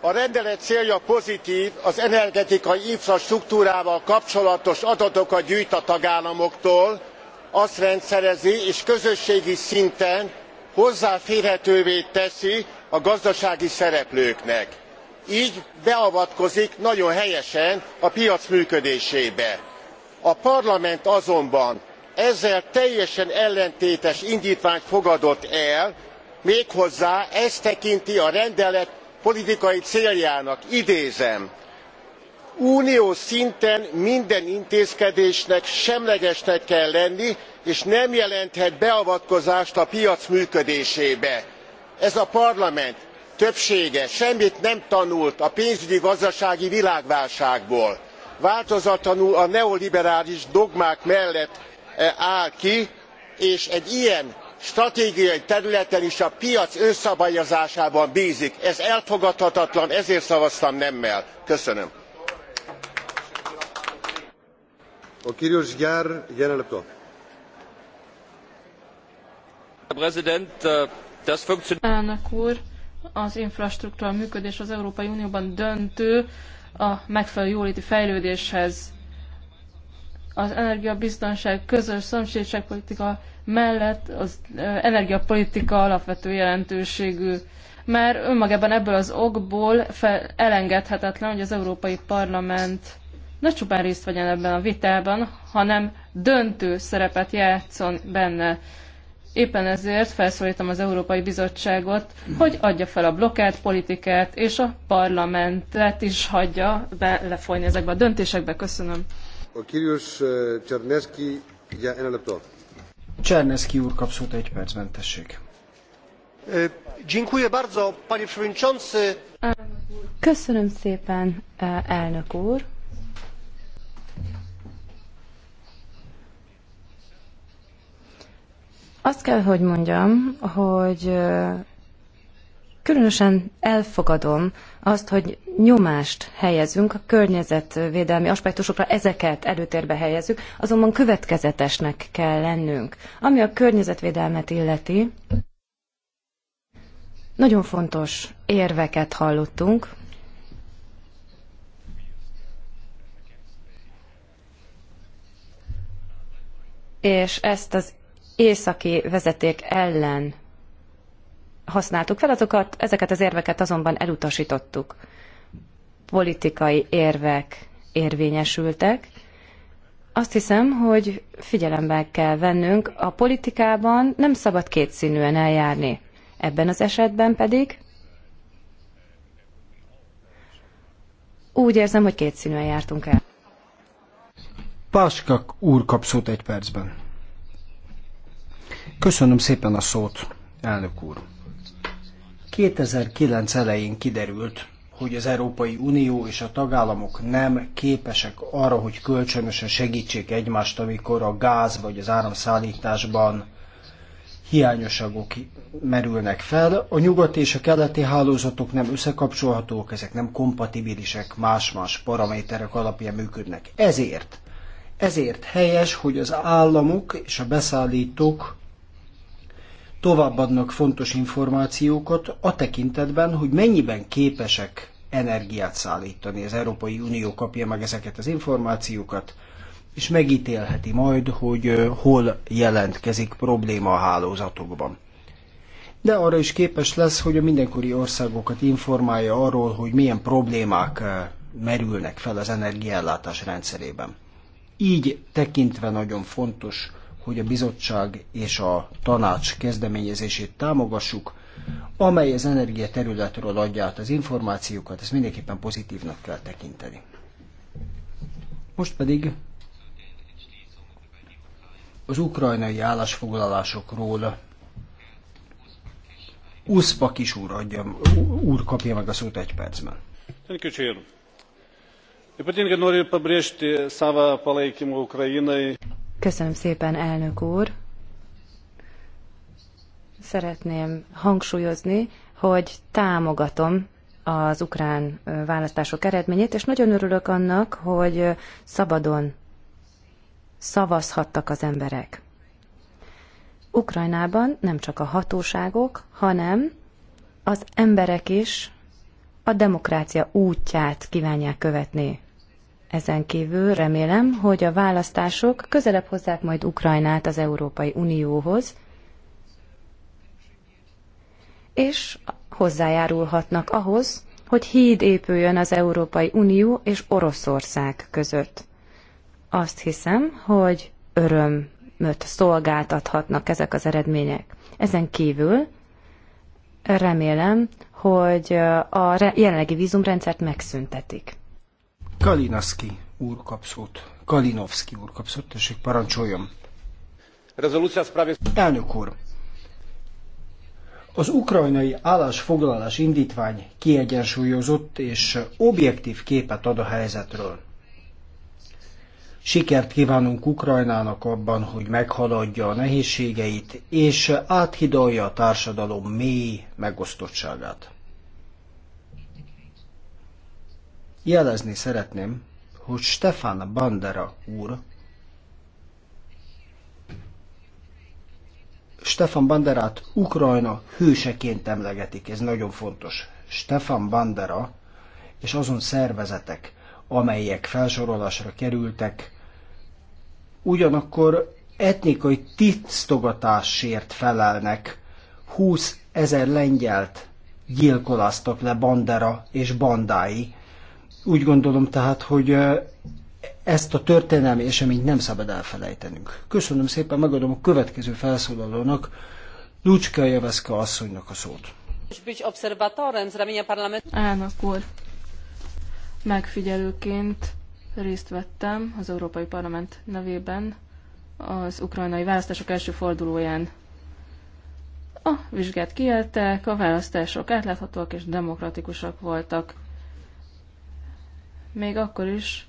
A rendelet célja pozitív, az energetikai infrastruktúrával kapcsolatos adatokat gyűjt a tagállamoktól, azt rendszerezi és közösségi szinten hozzáférhetővé teszi a gazdasági szereplőknek gy beavatkozik nagyon helyesen a piac működésébe. a parlament azonban ezzel teljesen ellentétes indtványt fogadott el méghozzá ezt tekinti a rendelet politikai céljának idézem uniós szinten minden intézkedésnek semlegesnek kell lenni és nem jelenthet beavatkozást a piac működésébe. ez a parlament többsége semmit nem tanult a pénzügyi gazdasági világválságból változatlanul a neoliberális dogmák mellett e, áll ki és egy ilyen stratégiai területen is a piac önszabályozásában bzik. ez elfogadhatatlan ezért szavaztam nemmel. köszönöm. Äh, elnök úr! az infrastruktúra működés az Európai Unióban döntő a megfelelő jóléti fejlődéshez. Az energiabiztonság közös szomszédságpolitika mellett az energiapolitika alapvető jelentőségű mert önmagában ebből az okból fel, elengedhetetlen, hogy az Európai Parlament ne csupán részt vegyen ebben a vitában, hanem döntő szerepet játszon benne. Éppen ezért felszólítom az Európai Bizottságot, hogy adja fel a blokkát, politikát, és a parlamentet is hagyja be, lefolyni ezekbe a döntésekbe. Köszönöm. A Kirius eh, Cserneszki, ja, Cserneszki úr kap szót egy percben, tessék. Eh, dziękuję bardzo, panie przewodniczący. Köszönöm szépen, eh, elnök úr. Azt kell, hogy mondjam, hogy különösen elfogadom azt, hogy nyomást helyezünk a környezetvédelmi aspektusokra, ezeket előtérbe helyezzük, azonban következetesnek kell lennünk. Ami a környezetvédelmet illeti, nagyon fontos érveket hallottunk, és ezt az északi vezeték ellen használtuk fel azokat, ezeket az érveket azonban elutasítottuk. Politikai érvek érvényesültek. Azt hiszem, hogy figyelembe kell vennünk, a politikában nem szabad kétszínűen eljárni. Ebben az esetben pedig úgy érzem, hogy kétszínűen jártunk el. Páskak úr kap egy percben. Köszönöm szépen a szót, elnök úr. 2009 elején kiderült, hogy az Európai Unió és a tagállamok nem képesek arra, hogy kölcsönösen segítsék egymást, amikor a gáz vagy az áramszállításban hiányosságok merülnek fel. A nyugati és a keleti hálózatok nem összekapcsolhatók, ezek nem kompatibilisek, más-más paraméterek alapján működnek. Ezért, ezért helyes, hogy az államok és a beszállítók továbbadnak fontos információkat a tekintetben, hogy mennyiben képesek energiát szállítani. Az Európai Unió kapja meg ezeket az információkat, és megítélheti majd, hogy hol jelentkezik probléma a hálózatokban. De arra is képes lesz, hogy a mindenkori országokat informálja arról, hogy milyen problémák merülnek fel az energiaellátás rendszerében. Így tekintve nagyon fontos hogy a bizottság és a tanács kezdeményezését támogassuk, amely az energia területről adja át az információkat, ezt mindenképpen pozitívnak kell tekinteni. Most pedig az ukrajnai állásfoglalásokról Uszpa kis úr, adjam, úr kapja meg a szót egy percben. Ypatingai noriu pabrėžti savo palaikymą Ukrainai. Köszönöm szépen, elnök úr. Szeretném hangsúlyozni, hogy támogatom az ukrán választások eredményét, és nagyon örülök annak, hogy szabadon szavazhattak az emberek. Ukrajnában nem csak a hatóságok, hanem az emberek is a demokrácia útját kívánják követni. Ezen kívül remélem, hogy a választások közelebb hozzák majd Ukrajnát az Európai Unióhoz, és hozzájárulhatnak ahhoz, hogy híd épüljön az Európai Unió és Oroszország között. Azt hiszem, hogy örömöt szolgáltathatnak ezek az eredmények. Ezen kívül remélem, hogy a jelenlegi vízumrendszert megszüntetik. Kalinaszki úr kapszót. Kalinowski úr kapszót, tessék, parancsoljon. Rezolúcia sprawie... Elnök úr, az ukrajnai állásfoglalás indítvány kiegyensúlyozott és objektív képet ad a helyzetről. Sikert kívánunk Ukrajnának abban, hogy meghaladja a nehézségeit és áthidalja a társadalom mély megosztottságát. Jelezni szeretném, hogy Stefan Bandera úr Stefan Banderát Ukrajna hőseként emlegetik, ez nagyon fontos. Stefan Bandera és azon szervezetek, amelyek felsorolásra kerültek, ugyanakkor etnikai tisztogatásért felelnek, 20 ezer lengyelt gyilkoláztak le Bandera és bandái, úgy gondolom tehát, hogy ezt a történelmi eseményt nem szabad elfelejtenünk. Köszönöm szépen, megadom a következő felszólalónak, Lucska Javeszka asszonynak a szót. Elnök úr, megfigyelőként részt vettem az Európai Parlament nevében az ukrajnai választások első fordulóján. A vizsgát kieltek, a választások átláthatóak és demokratikusak voltak még akkor is,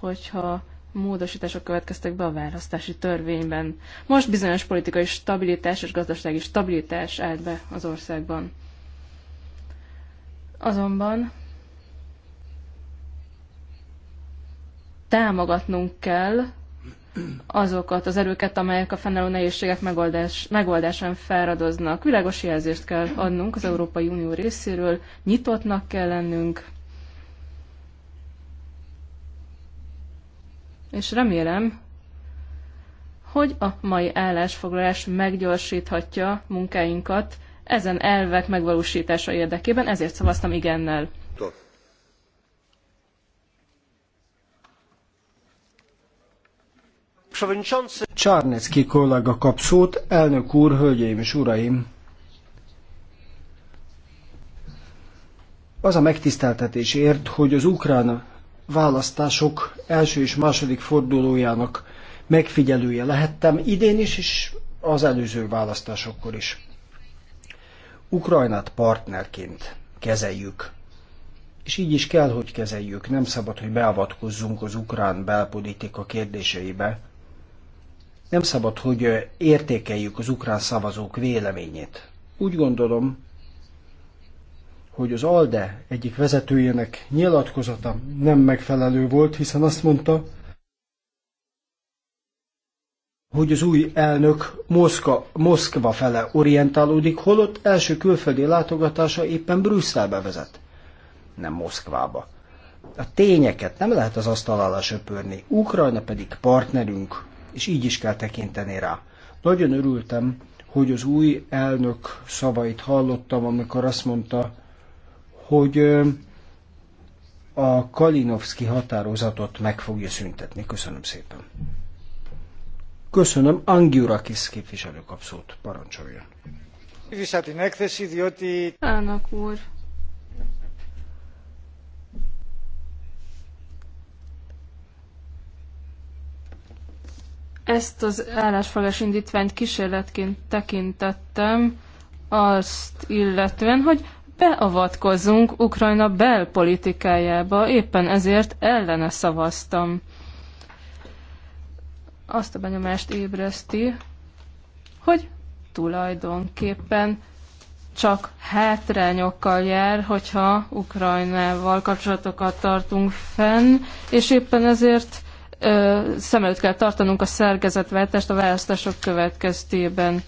hogyha módosítások következtek be a választási törvényben. Most bizonyos politikai stabilitás és gazdasági stabilitás állt be az országban. Azonban támogatnunk kell azokat az erőket, amelyek a fennálló nehézségek megoldás, megoldásán feladoznak. Világos jelzést kell adnunk az Európai Unió részéről, nyitottnak kell lennünk, és remélem, hogy a mai állásfoglalás meggyorsíthatja munkáinkat ezen elvek megvalósítása érdekében, ezért szavaztam igennel. Csárnecki kollega kap szót, elnök úr, hölgyeim és uraim! Az a megtiszteltetés ért, hogy az ukrán választások első és második fordulójának megfigyelője lehettem idén is, és az előző választásokkor is. Ukrajnát partnerként kezeljük. És így is kell, hogy kezeljük. Nem szabad, hogy beavatkozzunk az ukrán belpolitika kérdéseibe. Nem szabad, hogy értékeljük az ukrán szavazók véleményét. Úgy gondolom, hogy az ALDE egyik vezetőjének nyilatkozata nem megfelelő volt, hiszen azt mondta, hogy az új elnök Moszka, Moszkva fele orientálódik, holott első külföldi látogatása éppen Brüsszelbe vezet, nem Moszkvába. A tényeket nem lehet az asztal alá söpörni, Ukrajna pedig partnerünk, és így is kell tekinteni rá. Nagyon örültem, hogy az új elnök szavait hallottam, amikor azt mondta, hogy a Kalinowski határozatot meg fogja szüntetni. Köszönöm szépen. Köszönöm. Angiurakis képviselő kapszót parancsoljon. Elnök úr, ezt az állásfoglalás indítványt kísérletként tekintettem azt illetően, hogy Beavatkozunk Ukrajna belpolitikájába, éppen ezért ellene szavaztam. Azt a benyomást ébreszti, hogy tulajdonképpen csak hátrányokkal jár, hogyha Ukrajnával kapcsolatokat tartunk fenn, és éppen ezért ö, szem előtt kell tartanunk a szerkezetváltást a választások következtében.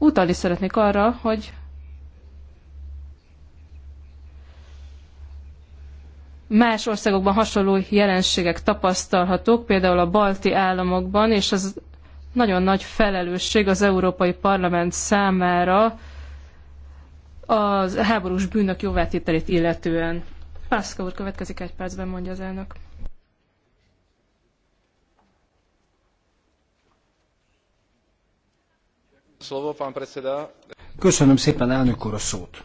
Utalni szeretnék arra, hogy más országokban hasonló jelenségek tapasztalhatók, például a balti államokban, és az nagyon nagy felelősség az Európai Parlament számára a háborús bűnök jóvátételét illetően. Pászka úr következik egy percben, mondja az elnök. Köszönöm szépen, elnök úr, a szót.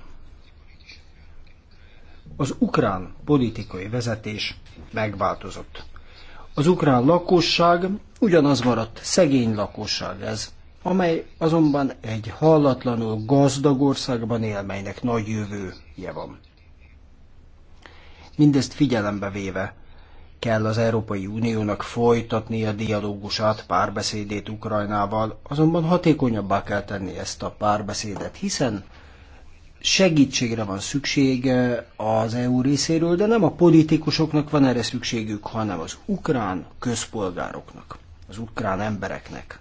Az ukrán politikai vezetés megváltozott. Az ukrán lakosság ugyanaz maradt, szegény lakosság ez, amely azonban egy hallatlanul gazdag országban él, melynek nagy jövője van. Mindezt figyelembe véve kell az Európai Uniónak folytatni a dialógusát, párbeszédét Ukrajnával, azonban hatékonyabbá kell tenni ezt a párbeszédet, hiszen segítségre van szükség eh, az EU részéről, de nem a politikusoknak van erre szükségük, hanem az ukrán közpolgároknak, az ukrán embereknek.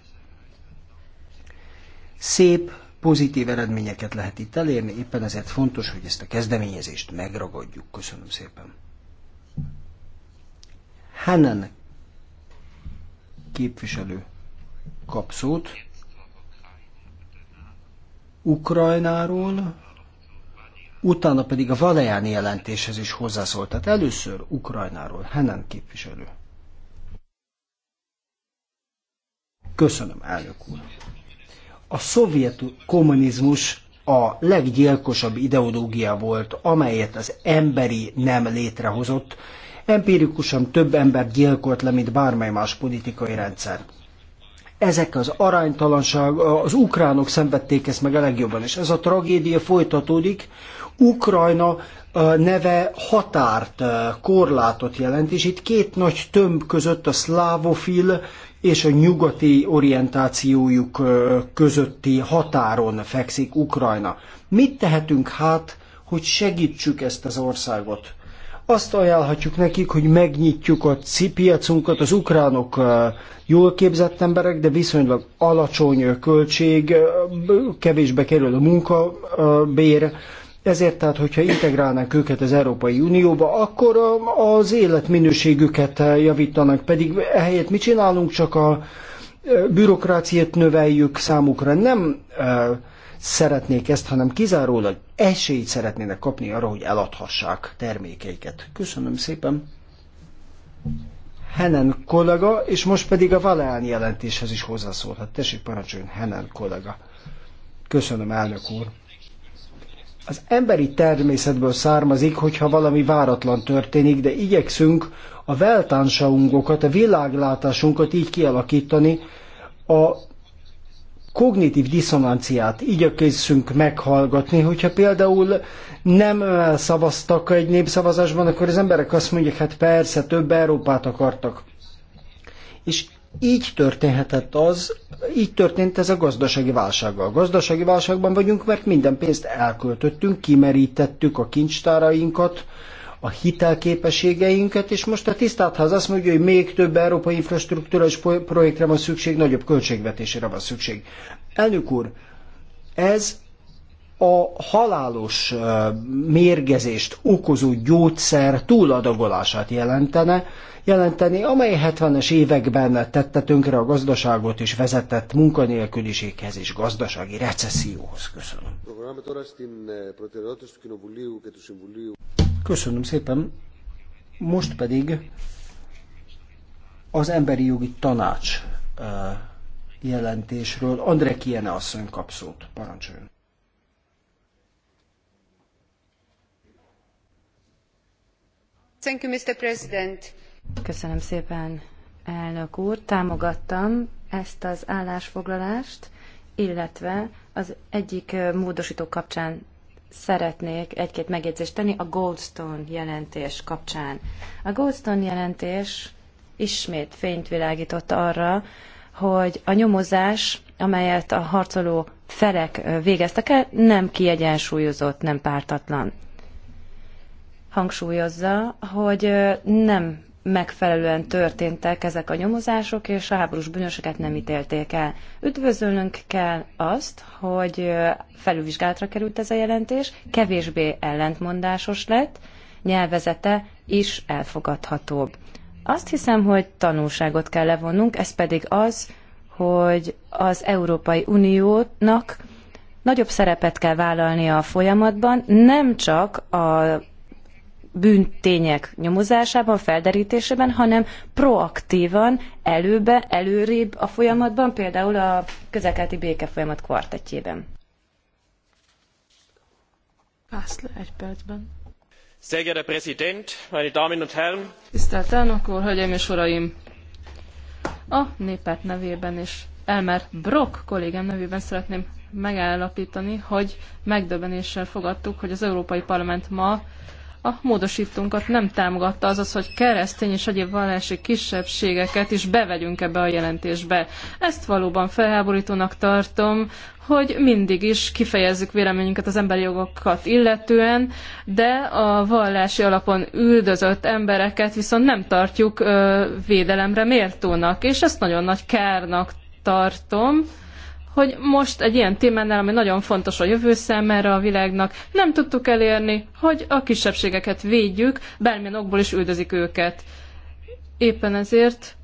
Szép, pozitív eredményeket lehet itt elérni, éppen ezért fontos, hogy ezt a kezdeményezést megragadjuk. Köszönöm szépen. Hennen képviselő kap szót. Ukrajnáról, utána pedig a Valejáni jelentéshez is hozzászólt. Tehát először Ukrajnáról, Hennen képviselő. Köszönöm, elnök úr. A szovjet kommunizmus a leggyilkosabb ideológia volt, amelyet az emberi nem létrehozott, Empirikusan több ember gyilkolt le, mint bármely más politikai rendszer. Ezek az aránytalanság, az ukránok szenvedték ezt meg a legjobban, és ez a tragédia folytatódik. Ukrajna neve határt, korlátot jelent, és itt két nagy tömb között a szlávofil és a nyugati orientációjuk közötti határon fekszik Ukrajna. Mit tehetünk hát, hogy segítsük ezt az országot? Azt ajánlhatjuk nekik, hogy megnyitjuk a piacunkat, az ukránok jól képzett emberek, de viszonylag alacsony költség, kevésbe kerül a munkabér, ezért tehát, hogyha integrálnánk őket az Európai Unióba, akkor az életminőségüket javítanak, pedig ehelyett mi csinálunk, csak a bürokráciát növeljük számukra. Nem szeretnék ezt, hanem kizárólag esélyt szeretnének kapni arra, hogy eladhassák termékeiket. Köszönöm szépen. Henen kollega, és most pedig a Valeán jelentéshez is hozzászólhat. Tessék, parancsoljon, Henen kollega. Köszönöm, elnök úr. Az emberi természetből származik, hogyha valami váratlan történik, de igyekszünk a veltánsaungokat, a világlátásunkat így kialakítani, a kognitív diszonanciát igyekezzünk meghallgatni, hogyha például nem szavaztak egy népszavazásban, akkor az emberek azt mondják, hát persze, több Európát akartak. És így történhetett az, így történt ez a gazdasági válsággal. A gazdasági válságban vagyunk, mert minden pénzt elköltöttünk, kimerítettük a kincstárainkat a hitelképességeinket, és most a tisztátház azt mondja, hogy még több európai infrastruktúrás projektre van szükség, nagyobb költségvetésére van szükség. Elnök úr, ez a halálos mérgezést okozó gyógyszer túladagolását jelentene, jelenteni, amely 70-es években tette tönkre a gazdaságot és vezetett munkanélküliséghez és gazdasági recesszióhoz. Köszönöm. Köszönöm szépen. Most pedig az Emberi Jogi Tanács jelentésről André Kiene asszony kap szót. Parancsoljon. Thank you, Mr. President. Köszönöm szépen, elnök úr. Támogattam ezt az állásfoglalást, illetve az egyik módosító kapcsán szeretnék egy-két megjegyzést tenni a Goldstone jelentés kapcsán. A Goldstone jelentés ismét fényt világított arra, hogy a nyomozás, amelyet a harcoló felek végeztek el, nem kiegyensúlyozott, nem pártatlan hangsúlyozza, hogy nem megfelelően történtek ezek a nyomozások, és a háborús bűnösöket nem ítélték el. Üdvözölnünk kell azt, hogy felülvizsgálatra került ez a jelentés, kevésbé ellentmondásos lett, nyelvezete is elfogadhatóbb. Azt hiszem, hogy tanulságot kell levonnunk, ez pedig az, hogy az Európai Uniónak nagyobb szerepet kell vállalnia a folyamatban, nem csak a bűntények nyomozásában, felderítésében, hanem proaktívan, előbe, előrébb a folyamatban, például a közelkelti békefolyamat kvartettjében. Pászle, egy percben. Sehr Präsident, meine Damen und Herren! Tisztelt elnök úr, hölgyeim és uraim! A népet nevében és Elmer Brock kollégám nevében szeretném megállapítani, hogy megdöbbenéssel fogadtuk, hogy az Európai Parlament ma a módosítunkat nem támogatta, azaz, hogy keresztény és egyéb vallási kisebbségeket is bevegyünk ebbe a jelentésbe. Ezt valóban felháborítónak tartom, hogy mindig is kifejezzük véleményünket az emberi jogokat illetően, de a vallási alapon üldözött embereket viszont nem tartjuk védelemre méltónak, és ezt nagyon nagy kárnak tartom hogy most egy ilyen témánál, ami nagyon fontos a jövő számára a világnak, nem tudtuk elérni, hogy a kisebbségeket védjük, bármilyen okból is üldözik őket. Éppen ezért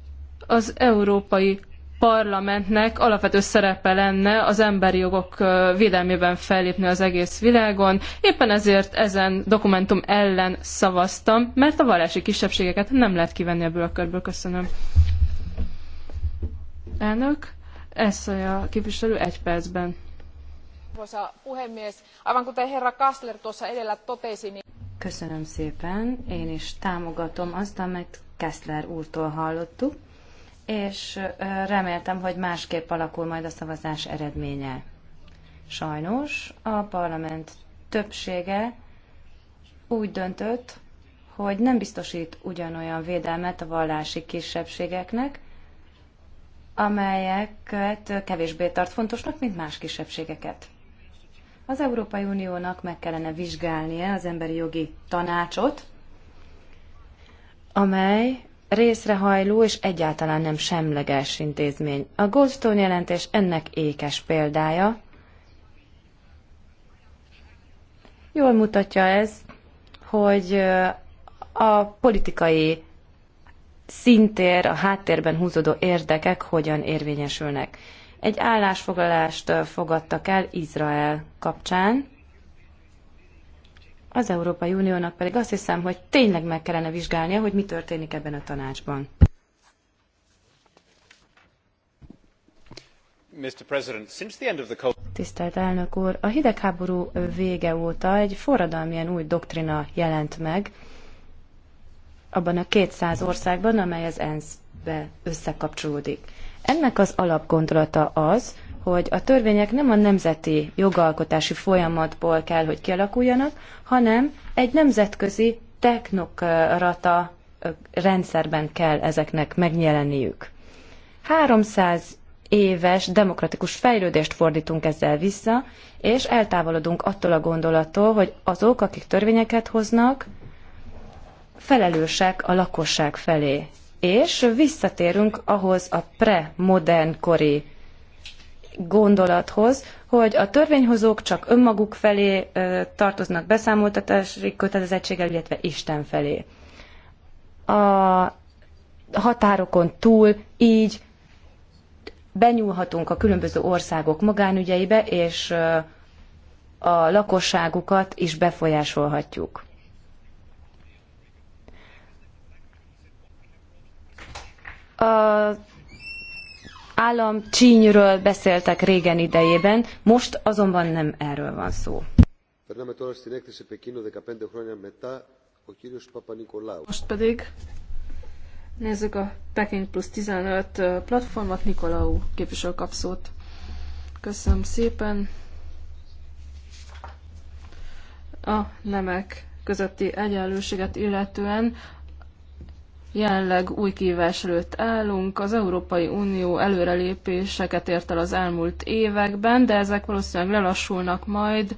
az európai parlamentnek alapvető szerepe lenne az emberi jogok védelmében fellépni az egész világon. Éppen ezért ezen dokumentum ellen szavaztam, mert a vallási kisebbségeket nem lehet kivenni ebből a körből. Köszönöm. Elnök. Eszaja képviselő egy percben. Arvoisa puhemies, aivan kuten herra Kastler tuossa edellä totesi, niin... Köszönöm szépen, én is támogatom azt, amit Kessler úrtól hallottuk, és reméltem, hogy másképp alakul majd a szavazás eredménye. Sajnos a parlament többsége úgy döntött, hogy nem biztosít ugyanolyan védelmet a vallási kisebbségeknek, amelyeket kevésbé tart fontosnak, mint más kisebbségeket. Az Európai Uniónak meg kellene vizsgálnia az emberi jogi tanácsot, amely részrehajló és egyáltalán nem semleges intézmény. A Goldstone jelentés ennek ékes példája. Jól mutatja ez, hogy a politikai szintér, a háttérben húzódó érdekek hogyan érvényesülnek. Egy állásfoglalást fogadtak el Izrael kapcsán, az Európai Uniónak pedig azt hiszem, hogy tényleg meg kellene vizsgálnia, hogy mi történik ebben a tanácsban. The... Tisztelt elnök úr, a hidegháború vége óta egy forradalmilyen új doktrina jelent meg, abban a 200 országban, amely az ENSZ-be összekapcsolódik. Ennek az alapgondolata az, hogy a törvények nem a nemzeti jogalkotási folyamatból kell, hogy kialakuljanak, hanem egy nemzetközi technokrata rendszerben kell ezeknek megjelenniük. 300 éves demokratikus fejlődést fordítunk ezzel vissza, és eltávolodunk attól a gondolattól, hogy azok, akik törvényeket hoznak, felelősek a lakosság felé. És visszatérünk ahhoz a pre-modern kori gondolathoz, hogy a törvényhozók csak önmaguk felé tartoznak beszámoltatási kötelezettséggel, illetve Isten felé. A határokon túl így benyúlhatunk a különböző országok magánügyeibe, és a lakosságukat is befolyásolhatjuk. a állam csínyről beszéltek régen idejében, most azonban nem erről van szó. Most pedig nézzük a Peking plusz 15 platformot, Nikolau képviselő kap szót. Köszönöm szépen. A nemek közötti egyenlőséget illetően Jelenleg új kívás előtt állunk. Az Európai Unió előrelépéseket ért el az elmúlt években, de ezek valószínűleg lelassulnak majd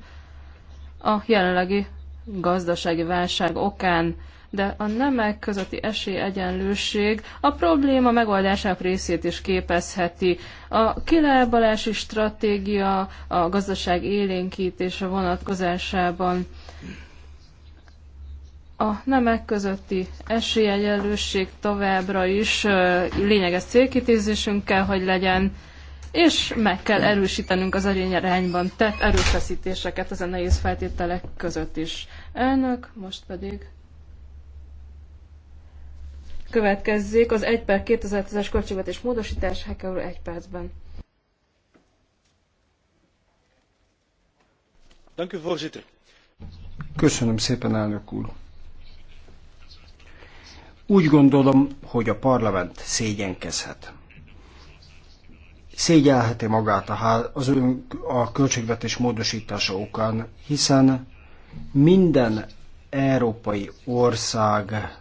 a jelenlegi gazdasági válság okán. De a nemek közötti esélyegyenlőség a probléma megoldásának részét is képezheti. A kilábalási stratégia a gazdaság élénkítése vonatkozásában a nemek közötti esélyegyenlőség továbbra is lényeges célkitézésünk kell, hogy legyen, és meg kell erősítenünk az erényarányban tett erőfeszítéseket ezen nehéz feltételek között is. Elnök, most pedig következzék az 1 per 2010-es költségvetés módosítás, hekerül egy percben. Köszönöm szépen, elnök úr. Úgy gondolom, hogy a parlament szégyenkezhet. Szégyelheti magát a, ház, az ön, a költségvetés módosítása okán, hiszen minden európai országot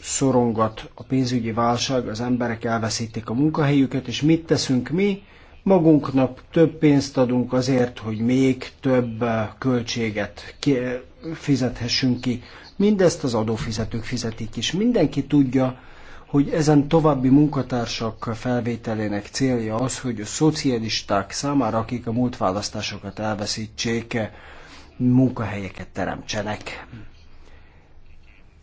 szorongat a pénzügyi válság, az emberek elveszítik a munkahelyüket, és mit teszünk mi? Magunknak több pénzt adunk azért, hogy még több költséget fizethessünk ki Mindezt az adófizetők fizetik is. Mindenki tudja, hogy ezen további munkatársak felvételének célja az, hogy a szocialisták számára, akik a múlt választásokat elveszítsék, munkahelyeket teremtsenek.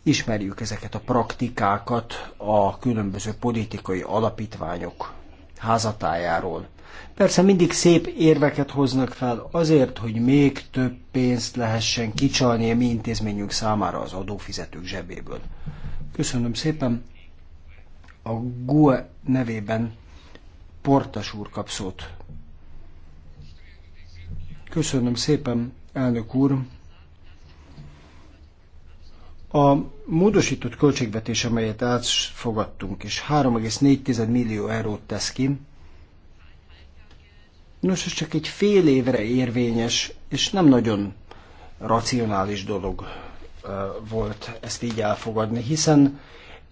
Ismerjük ezeket a praktikákat a különböző politikai alapítványok házatájáról. Persze mindig szép érveket hoznak fel azért, hogy még több pénzt lehessen kicsalni a mi intézményünk számára az adófizetők zsebéből. Köszönöm szépen. A GUE nevében Portas úr kap szót. Köszönöm szépen, elnök úr. A módosított költségvetés, amelyet átfogadtunk, és 3,4 millió eurót tesz ki, Nos, ez csak egy fél évre érvényes, és nem nagyon racionális dolog volt ezt így elfogadni, hiszen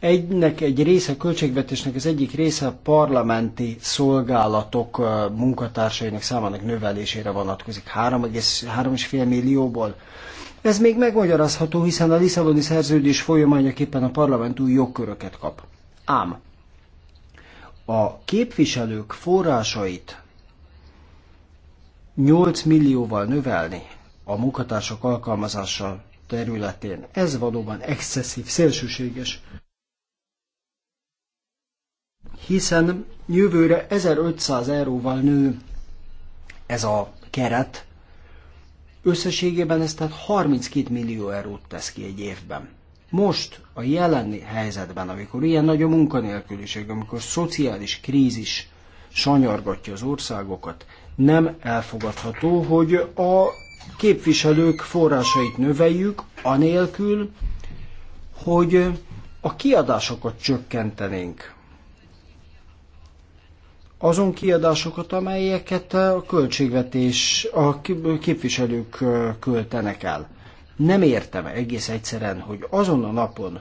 egynek egy része a költségvetésnek, az egyik része a parlamenti szolgálatok munkatársainak számának növelésére vonatkozik, 3,5 millióból. Ez még megmagyarázható, hiszen a Lisszaboni szerződés folyamányaképpen a parlament új jogköröket kap. Ám a képviselők forrásait 8 millióval növelni a munkatársak alkalmazása területén. Ez valóban excesszív, szélsőséges. Hiszen jövőre 1500 euróval nő ez a keret, összességében ez tehát 32 millió eurót tesz ki egy évben. Most, a jelenni helyzetben, amikor ilyen nagy a munkanélküliség, amikor szociális krízis sanyargatja az országokat, nem elfogadható, hogy a képviselők forrásait növeljük, anélkül, hogy a kiadásokat csökkentenénk. Azon kiadásokat, amelyeket a költségvetés, a képviselők költenek el. Nem értem egész egyszerűen, hogy azon a napon,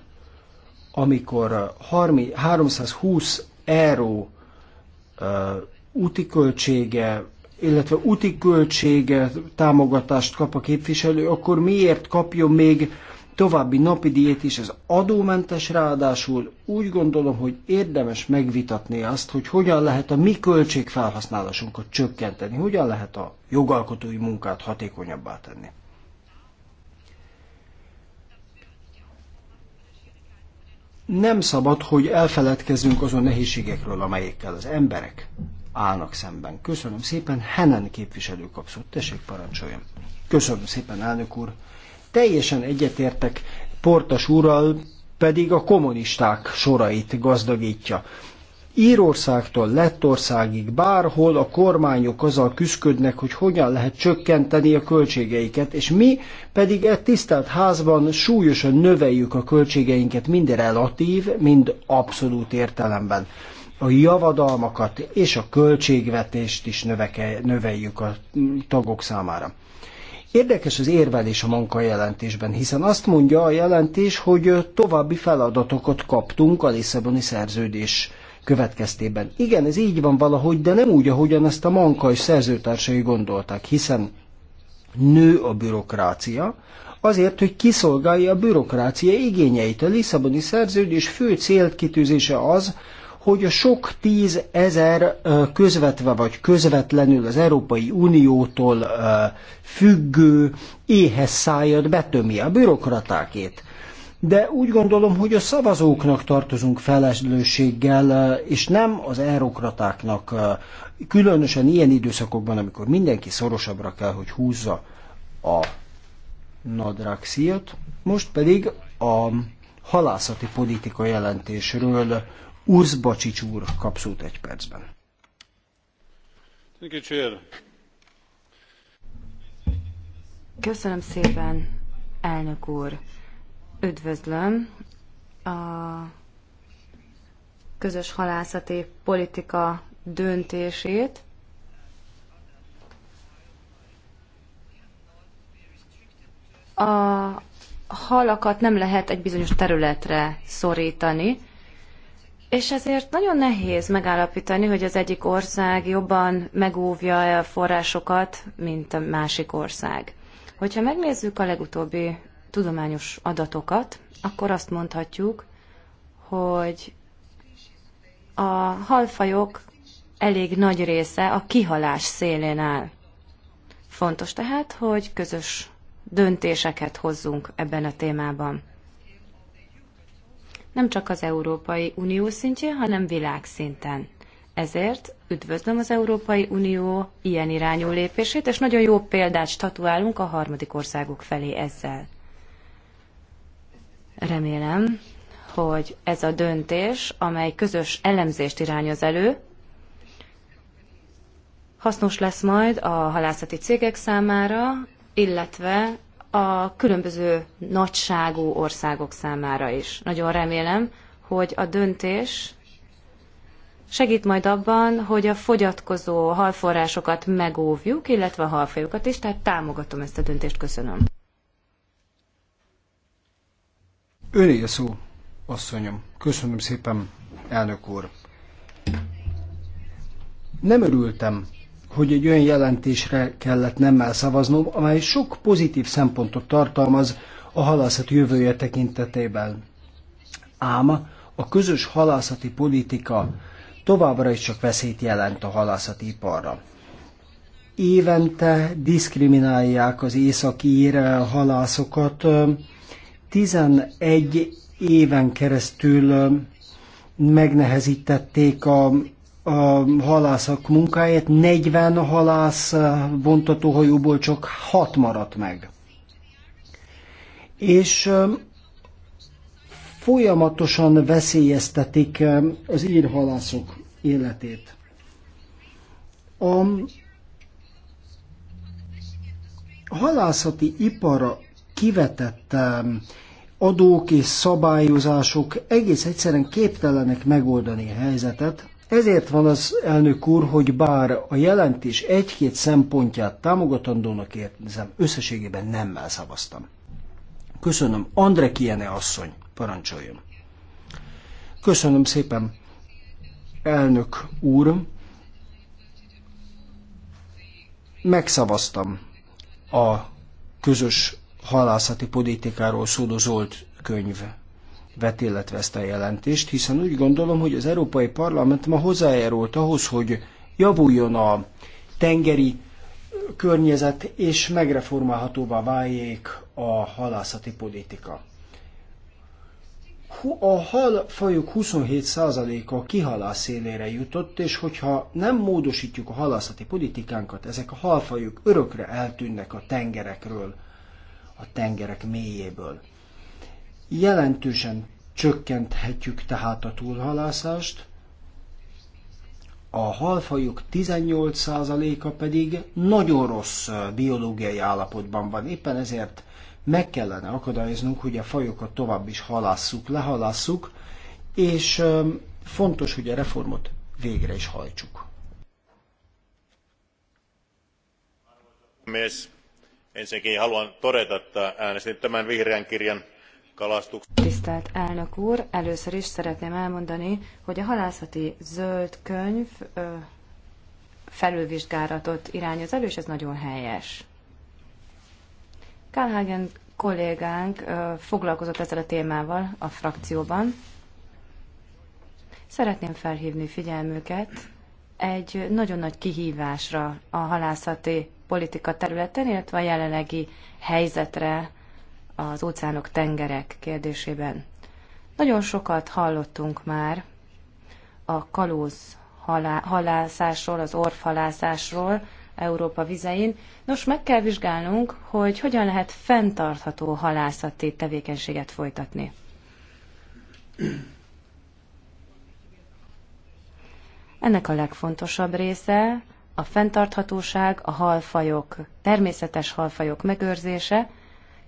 amikor 30, 320 euró uh, úti költsége illetve úti költsége támogatást kap a képviselő, akkor miért kapjon még további napi diét is, ez adómentes ráadásul. Úgy gondolom, hogy érdemes megvitatni azt, hogy hogyan lehet a mi költségfelhasználásunkat csökkenteni, hogyan lehet a jogalkotói munkát hatékonyabbá tenni. Nem szabad, hogy elfeledkezzünk azon nehézségekről, amelyekkel az emberek állnak szemben. Köszönöm szépen, Henen képviselő kapszott. Tessék, parancsoljon. Köszönöm szépen, elnök úr. Teljesen egyetértek Portas úrral, pedig a kommunisták sorait gazdagítja. Írországtól Lettországig bárhol a kormányok azzal küszködnek, hogy hogyan lehet csökkenteni a költségeiket, és mi pedig e tisztelt házban súlyosan növeljük a költségeinket mind relatív, mind abszolút értelemben a javadalmakat és a költségvetést is növeke, növeljük a tagok számára. Érdekes az érvelés a munka jelentésben, hiszen azt mondja a jelentés, hogy további feladatokat kaptunk a Lisszaboni szerződés következtében. Igen, ez így van valahogy, de nem úgy, ahogyan ezt a manka és szerzőtársai gondolták, hiszen nő a bürokrácia, azért, hogy kiszolgálja a bürokrácia igényeit. A Lisszaboni szerződés fő célkitűzése az, hogy a sok tízezer közvetve vagy közvetlenül az Európai Uniótól függő éhes szájat betömi a bürokratákét. De úgy gondolom, hogy a szavazóknak tartozunk felelősséggel, és nem az eurokratáknak, különösen ilyen időszakokban, amikor mindenki szorosabbra kell, hogy húzza a nadrágszíjat. Most pedig a halászati politika jelentésről Bacsics úr kap szót egy percben. Köszönöm szépen, elnök úr. Üdvözlöm a közös halászati politika döntését. A halakat nem lehet egy bizonyos területre szorítani, és ezért nagyon nehéz megállapítani, hogy az egyik ország jobban megóvja a forrásokat, mint a másik ország. Hogyha megnézzük a legutóbbi tudományos adatokat, akkor azt mondhatjuk, hogy a halfajok elég nagy része a kihalás szélén áll. Fontos tehát, hogy közös döntéseket hozzunk ebben a témában nem csak az Európai Unió szintjén, hanem világszinten. Ezért üdvözlöm az Európai Unió ilyen irányú lépését, és nagyon jó példát statuálunk a harmadik országok felé ezzel. Remélem, hogy ez a döntés, amely közös elemzést irányoz elő, hasznos lesz majd a halászati cégek számára, illetve a különböző nagyságú országok számára is. Nagyon remélem, hogy a döntés segít majd abban, hogy a fogyatkozó halforrásokat megóvjuk, illetve a halfajokat is, tehát támogatom ezt a döntést, köszönöm. Öné szó, asszonyom. Köszönöm szépen, elnök úr. Nem örültem hogy egy olyan jelentésre kellett nemmel szavaznom, amely sok pozitív szempontot tartalmaz a halászat jövője tekintetében. Ám a közös halászati politika továbbra is csak veszélyt jelent a halászati iparra. Évente diszkriminálják az északír halászokat. 11 éven keresztül megnehezítették a a halászak munkáját, 40 halász eh, bontatóhajóból csak 6 maradt meg. És eh, folyamatosan veszélyeztetik eh, az írhalászok életét. A halászati ipara kivetett adók és szabályozások egész egyszerűen képtelenek megoldani a helyzetet, ezért van az elnök úr, hogy bár a jelentés egy-két szempontját támogatandónak érzem, összességében nemmel szavaztam. Köszönöm. Andre Kiene asszony, parancsoljon. Köszönöm szépen, elnök úr. Megszavaztam a közös halászati politikáról szóló zolt könyv vet, illetve ezt a jelentést, hiszen úgy gondolom, hogy az Európai Parlament ma hozzájárult ahhoz, hogy javuljon a tengeri környezet, és megreformálhatóvá váljék a halászati politika. A hal fajok 27%-a kihalás szélére jutott, és hogyha nem módosítjuk a halászati politikánkat, ezek a halfajok örökre eltűnnek a tengerekről, a tengerek mélyéből. Jelentősen csökkenthetjük tehát a túlhalászást, a halfajok 18%-a pedig nagyon rossz biológiai állapotban van. Éppen ezért meg kellene akadályoznunk, hogy a fajokat tovább is halásszuk, lehalásszuk, és fontos, hogy a reformot végre is hajtsuk. Mies, ensinnäkin haluan todeta, että äänestin tämän vihreän kirjan Tisztelt elnök úr, először is szeretném elmondani, hogy a halászati zöld könyv ö, felülvizsgálatot irányoz elő, és ez nagyon helyes. Kálhágen kollégánk ö, foglalkozott ezzel a témával a frakcióban. Szeretném felhívni figyelmüket egy nagyon nagy kihívásra a halászati politika területen, illetve a jelenlegi helyzetre, az óceánok, tengerek kérdésében. Nagyon sokat hallottunk már a kalóz halá, halászásról, az orvhalászásról Európa vizein. Nos, meg kell vizsgálnunk, hogy hogyan lehet fenntartható halászati tevékenységet folytatni. Ennek a legfontosabb része a fenntarthatóság, a halfajok, természetes halfajok megőrzése,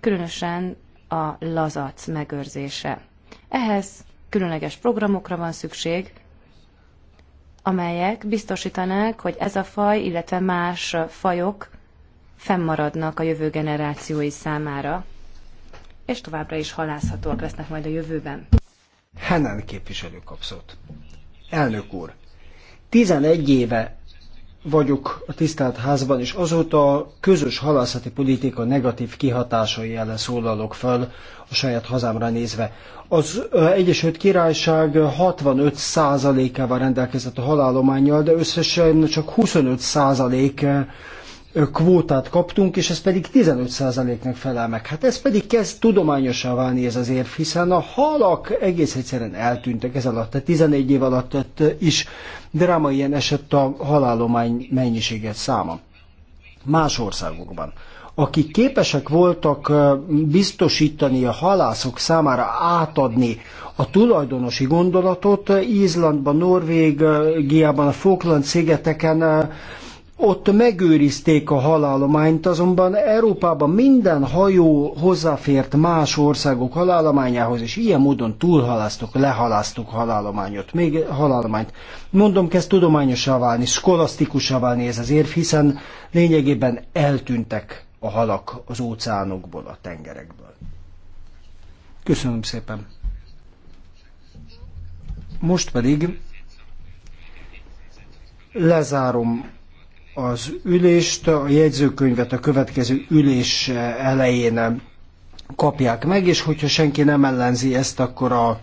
különösen a lazac megőrzése. Ehhez különleges programokra van szükség, amelyek biztosítanák, hogy ez a faj, illetve más fajok fennmaradnak a jövő generációi számára, és továbbra is halászhatóak lesznek majd a jövőben. Hennen képviselő kapszott. Elnök úr, 11 éve vagyok a tisztelt házban, és azóta a közös halászati politika negatív kihatásai ellen szólalok föl a saját hazámra nézve. Az Egyesült Királyság 65%-ával rendelkezett a halálományjal, de összesen csak 25% kvótát kaptunk, és ez pedig 15%-nak felel meg. Hát ez pedig kezd tudományosan válni ez az érv, hiszen a halak egész egyszerűen eltűntek ez alatt, tehát 14 év alatt is dráma ilyen esett a halálomány mennyiséget száma. Más országokban akik képesek voltak biztosítani a halászok számára átadni a tulajdonosi gondolatot, Izlandban, Norvégiában, a Falkland szigeteken ott megőrizték a halálományt, azonban Európában minden hajó hozzáfért más országok halálományához, és ilyen módon túlhaláztuk, lehaláztuk halálományot, még halálományt. Mondom, kezd tudományosá válni, skolasztikusá válni ez az érv, hiszen lényegében eltűntek a halak az óceánokból, a tengerekből. Köszönöm szépen. Most pedig lezárom az ülést, a jegyzőkönyvet a következő ülés elején kapják meg, és hogyha senki nem ellenzi ezt, akkor a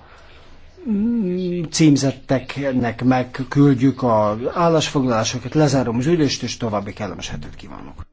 címzetteknek megküldjük az állásfoglalásokat, lezárom az ülést, és további kellemes hetet kívánok.